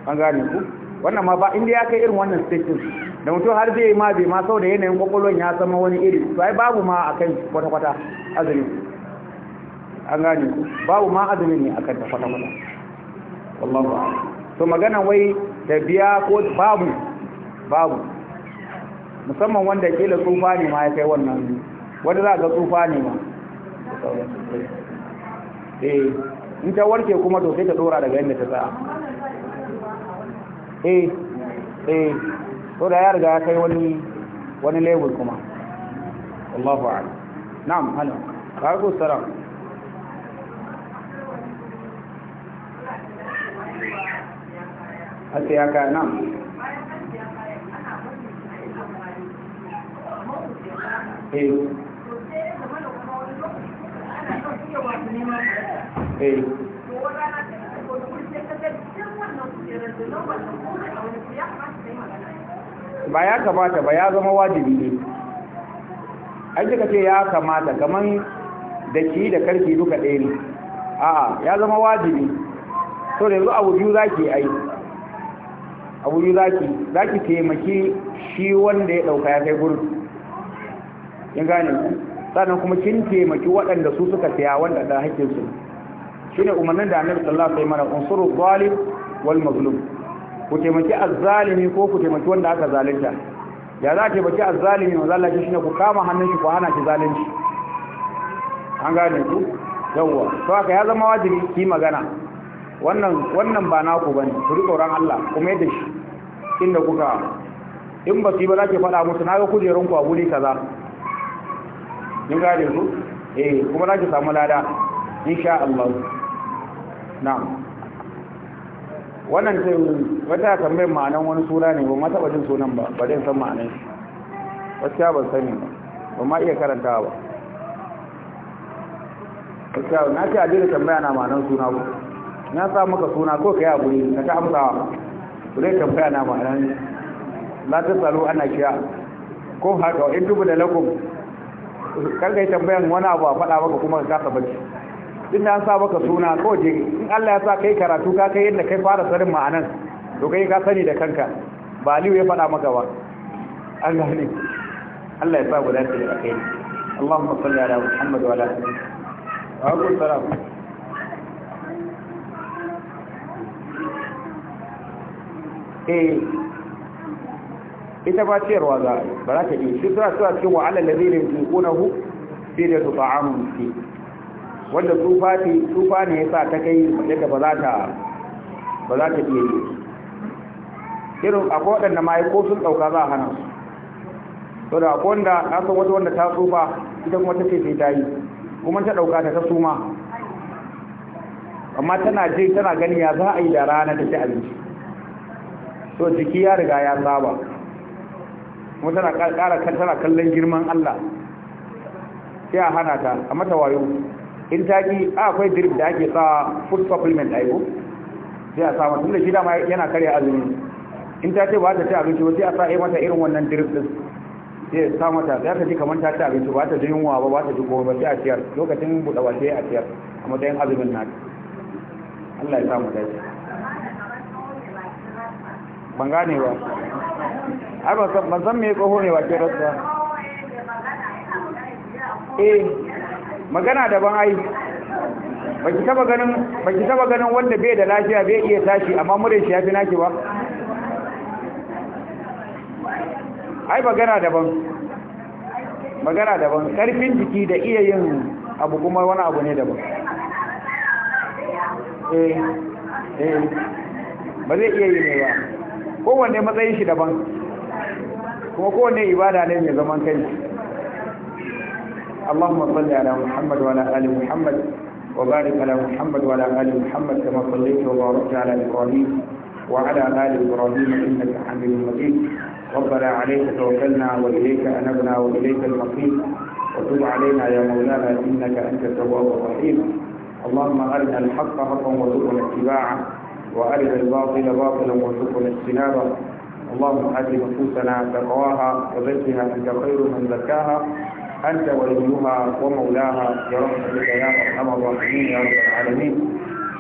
an gane ku wannan ma ba inda ya kai irin wannan statement da mutum har zai ma bai ma sau da yanayin kwakwalon ya zama wani iri to ai babu ma a kan kwata-kwata azumin an gane ku babu ma azumin ne a kanta kwata-kwata wallahu to magana wai da biya ko babu babu musamman wanda kila tsufa ne ma ya kai wannan wanda za ga tsufa ne ma Eh, in ta warke kuma to sai ta dora daga inda ta sa eh eh to da ya riga kai wani wani level kuma Allahu a'lam na'am halin karku salam hatta ya ka na'am eh Eh. ba ya kamata ba ya zama wajibi ne an kika ce ya kamata kaman da ki da karfi duka ɗaya ne a'a ya zama wajibi so da yanzu abu biyu zaki ai abu biyu zaki zaki taimaki shi wanda ya ɗauka ya kai gurbi in gane ku sannan kuma kin taimaki waɗanda su suka saya wanda da hakkin su shine umarnin da Annabi sallallahu alaihi wasallam unsuru zalim wal mazlum ku taimaki azzalimi ko ku taimaki wanda aka zalunta ya za ta baki azzalimi wanda Allah shi shine ku kama hannun shi ku hana shi zalunci an gane ku yawwa to aka ya zama wajibi ki magana wannan wannan ba naku bane ku riƙo ran Allah kuma yadda shi inda kuka in ba su yi ba za ki faɗa musu na ga kujerun ku a kaza kin gane su? eh kuma za ki samu lada insha Allah na'am wannan ce wata tambayar ma'anar wani sura ne ba ma taɓa jin sunan ba ba zai san ma'anar shi gaskiya ban sani ba ba ma iya karantawa ba gaskiya na ce addini tambaya na ma'anar suna ba na sa maka suna ko kai abu ka ta amsawa zai tambaya na ma'anar shi. Na ta tasalu ana kiya ko haka in dubu da lakum kar yi tambayan wani abu a faɗa maka kuma ka saba bacci din da an sa maka suna ko je in Allah ya sa kai karatu ka kai yadda kai fara sanin ma'anan to kai ka sani da kanka ba Aliyu ya faɗa maka ba an gane Allah ya sa guda ta da kai Allahumma salli ala Muhammad wa ala alihi wa sallam eh ita ba ciyarwa za a yi ba za ta yi shi za suna cikin wa da zai rinsu kunahu fi da su ta'amun miski wanda tsufa ne ya sa ta kai yadda ba za ta ba za ta iya yi irin akwai waɗanda ma ko sun ɗauka za a hana su to da akwai wanda na san wata wanda ta tsufa ita kuma ta ce sai ta yi kuma ta ɗauka ta ta suma amma tana je tana gani ya za a yi da rana ta ci abinci to jiki ya riga ya saba kuma tana kan tana kallon girman Allah sai a hana ta a mata wayo in ta ki akwai drip da ake sa food supplement ayo sai a sa mata tunda shi dama yana karya azumi in ta ce ba ta ci abinci ba sai a sa ai mata irin wannan drip din sai ya sa mata sai ta ji kamar ta ci abinci ba ta ji yunwa ba ba ta ji komai ba sai a ciyar lokacin buɗe ba sai a ciyar a matsayin azumin na Allah ya sa mu dace ban gane ba ai ban san me ne bakin rasta eh magana daban ai baki taba ganin baki taba ganin wanda bai da lafiya bai iya tashi amma mure shi fi naki ba ai magana daban magana daban karfin jiki da iya yin abu kuma wani abu ne daban eh eh ba zai iya yi ne ba kowanne matsayin shi daban kuma kowane ibada ne mai zaman اللهم صل على محمد وعلى ال محمد وبارك على محمد وعلى ال محمد كما صليت وباركت على ابراهيم وعلى ال ابراهيم انك حميد مجيد ربنا عليك توكلنا واليك انبنا واليك المصير وتب علينا يا مولانا انك انت التواب الرحيم اللهم ارنا الحق حقا وارزقنا اتباعه وارنا الباطل باطلا وارزقنا اجتنابه اللهم آت نفوسنا تقواها وزكها أنت خير من زكاها أنت وليها ومولاها يا رب برحمتك يا أرحم الراحمين يا رب العالمين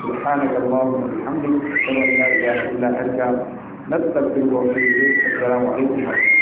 سبحانك اللهم وبحمدك أشهد أن لا إله إلا أنت نستغفرك ونتوب إليك السلام عليكم ورحمة الله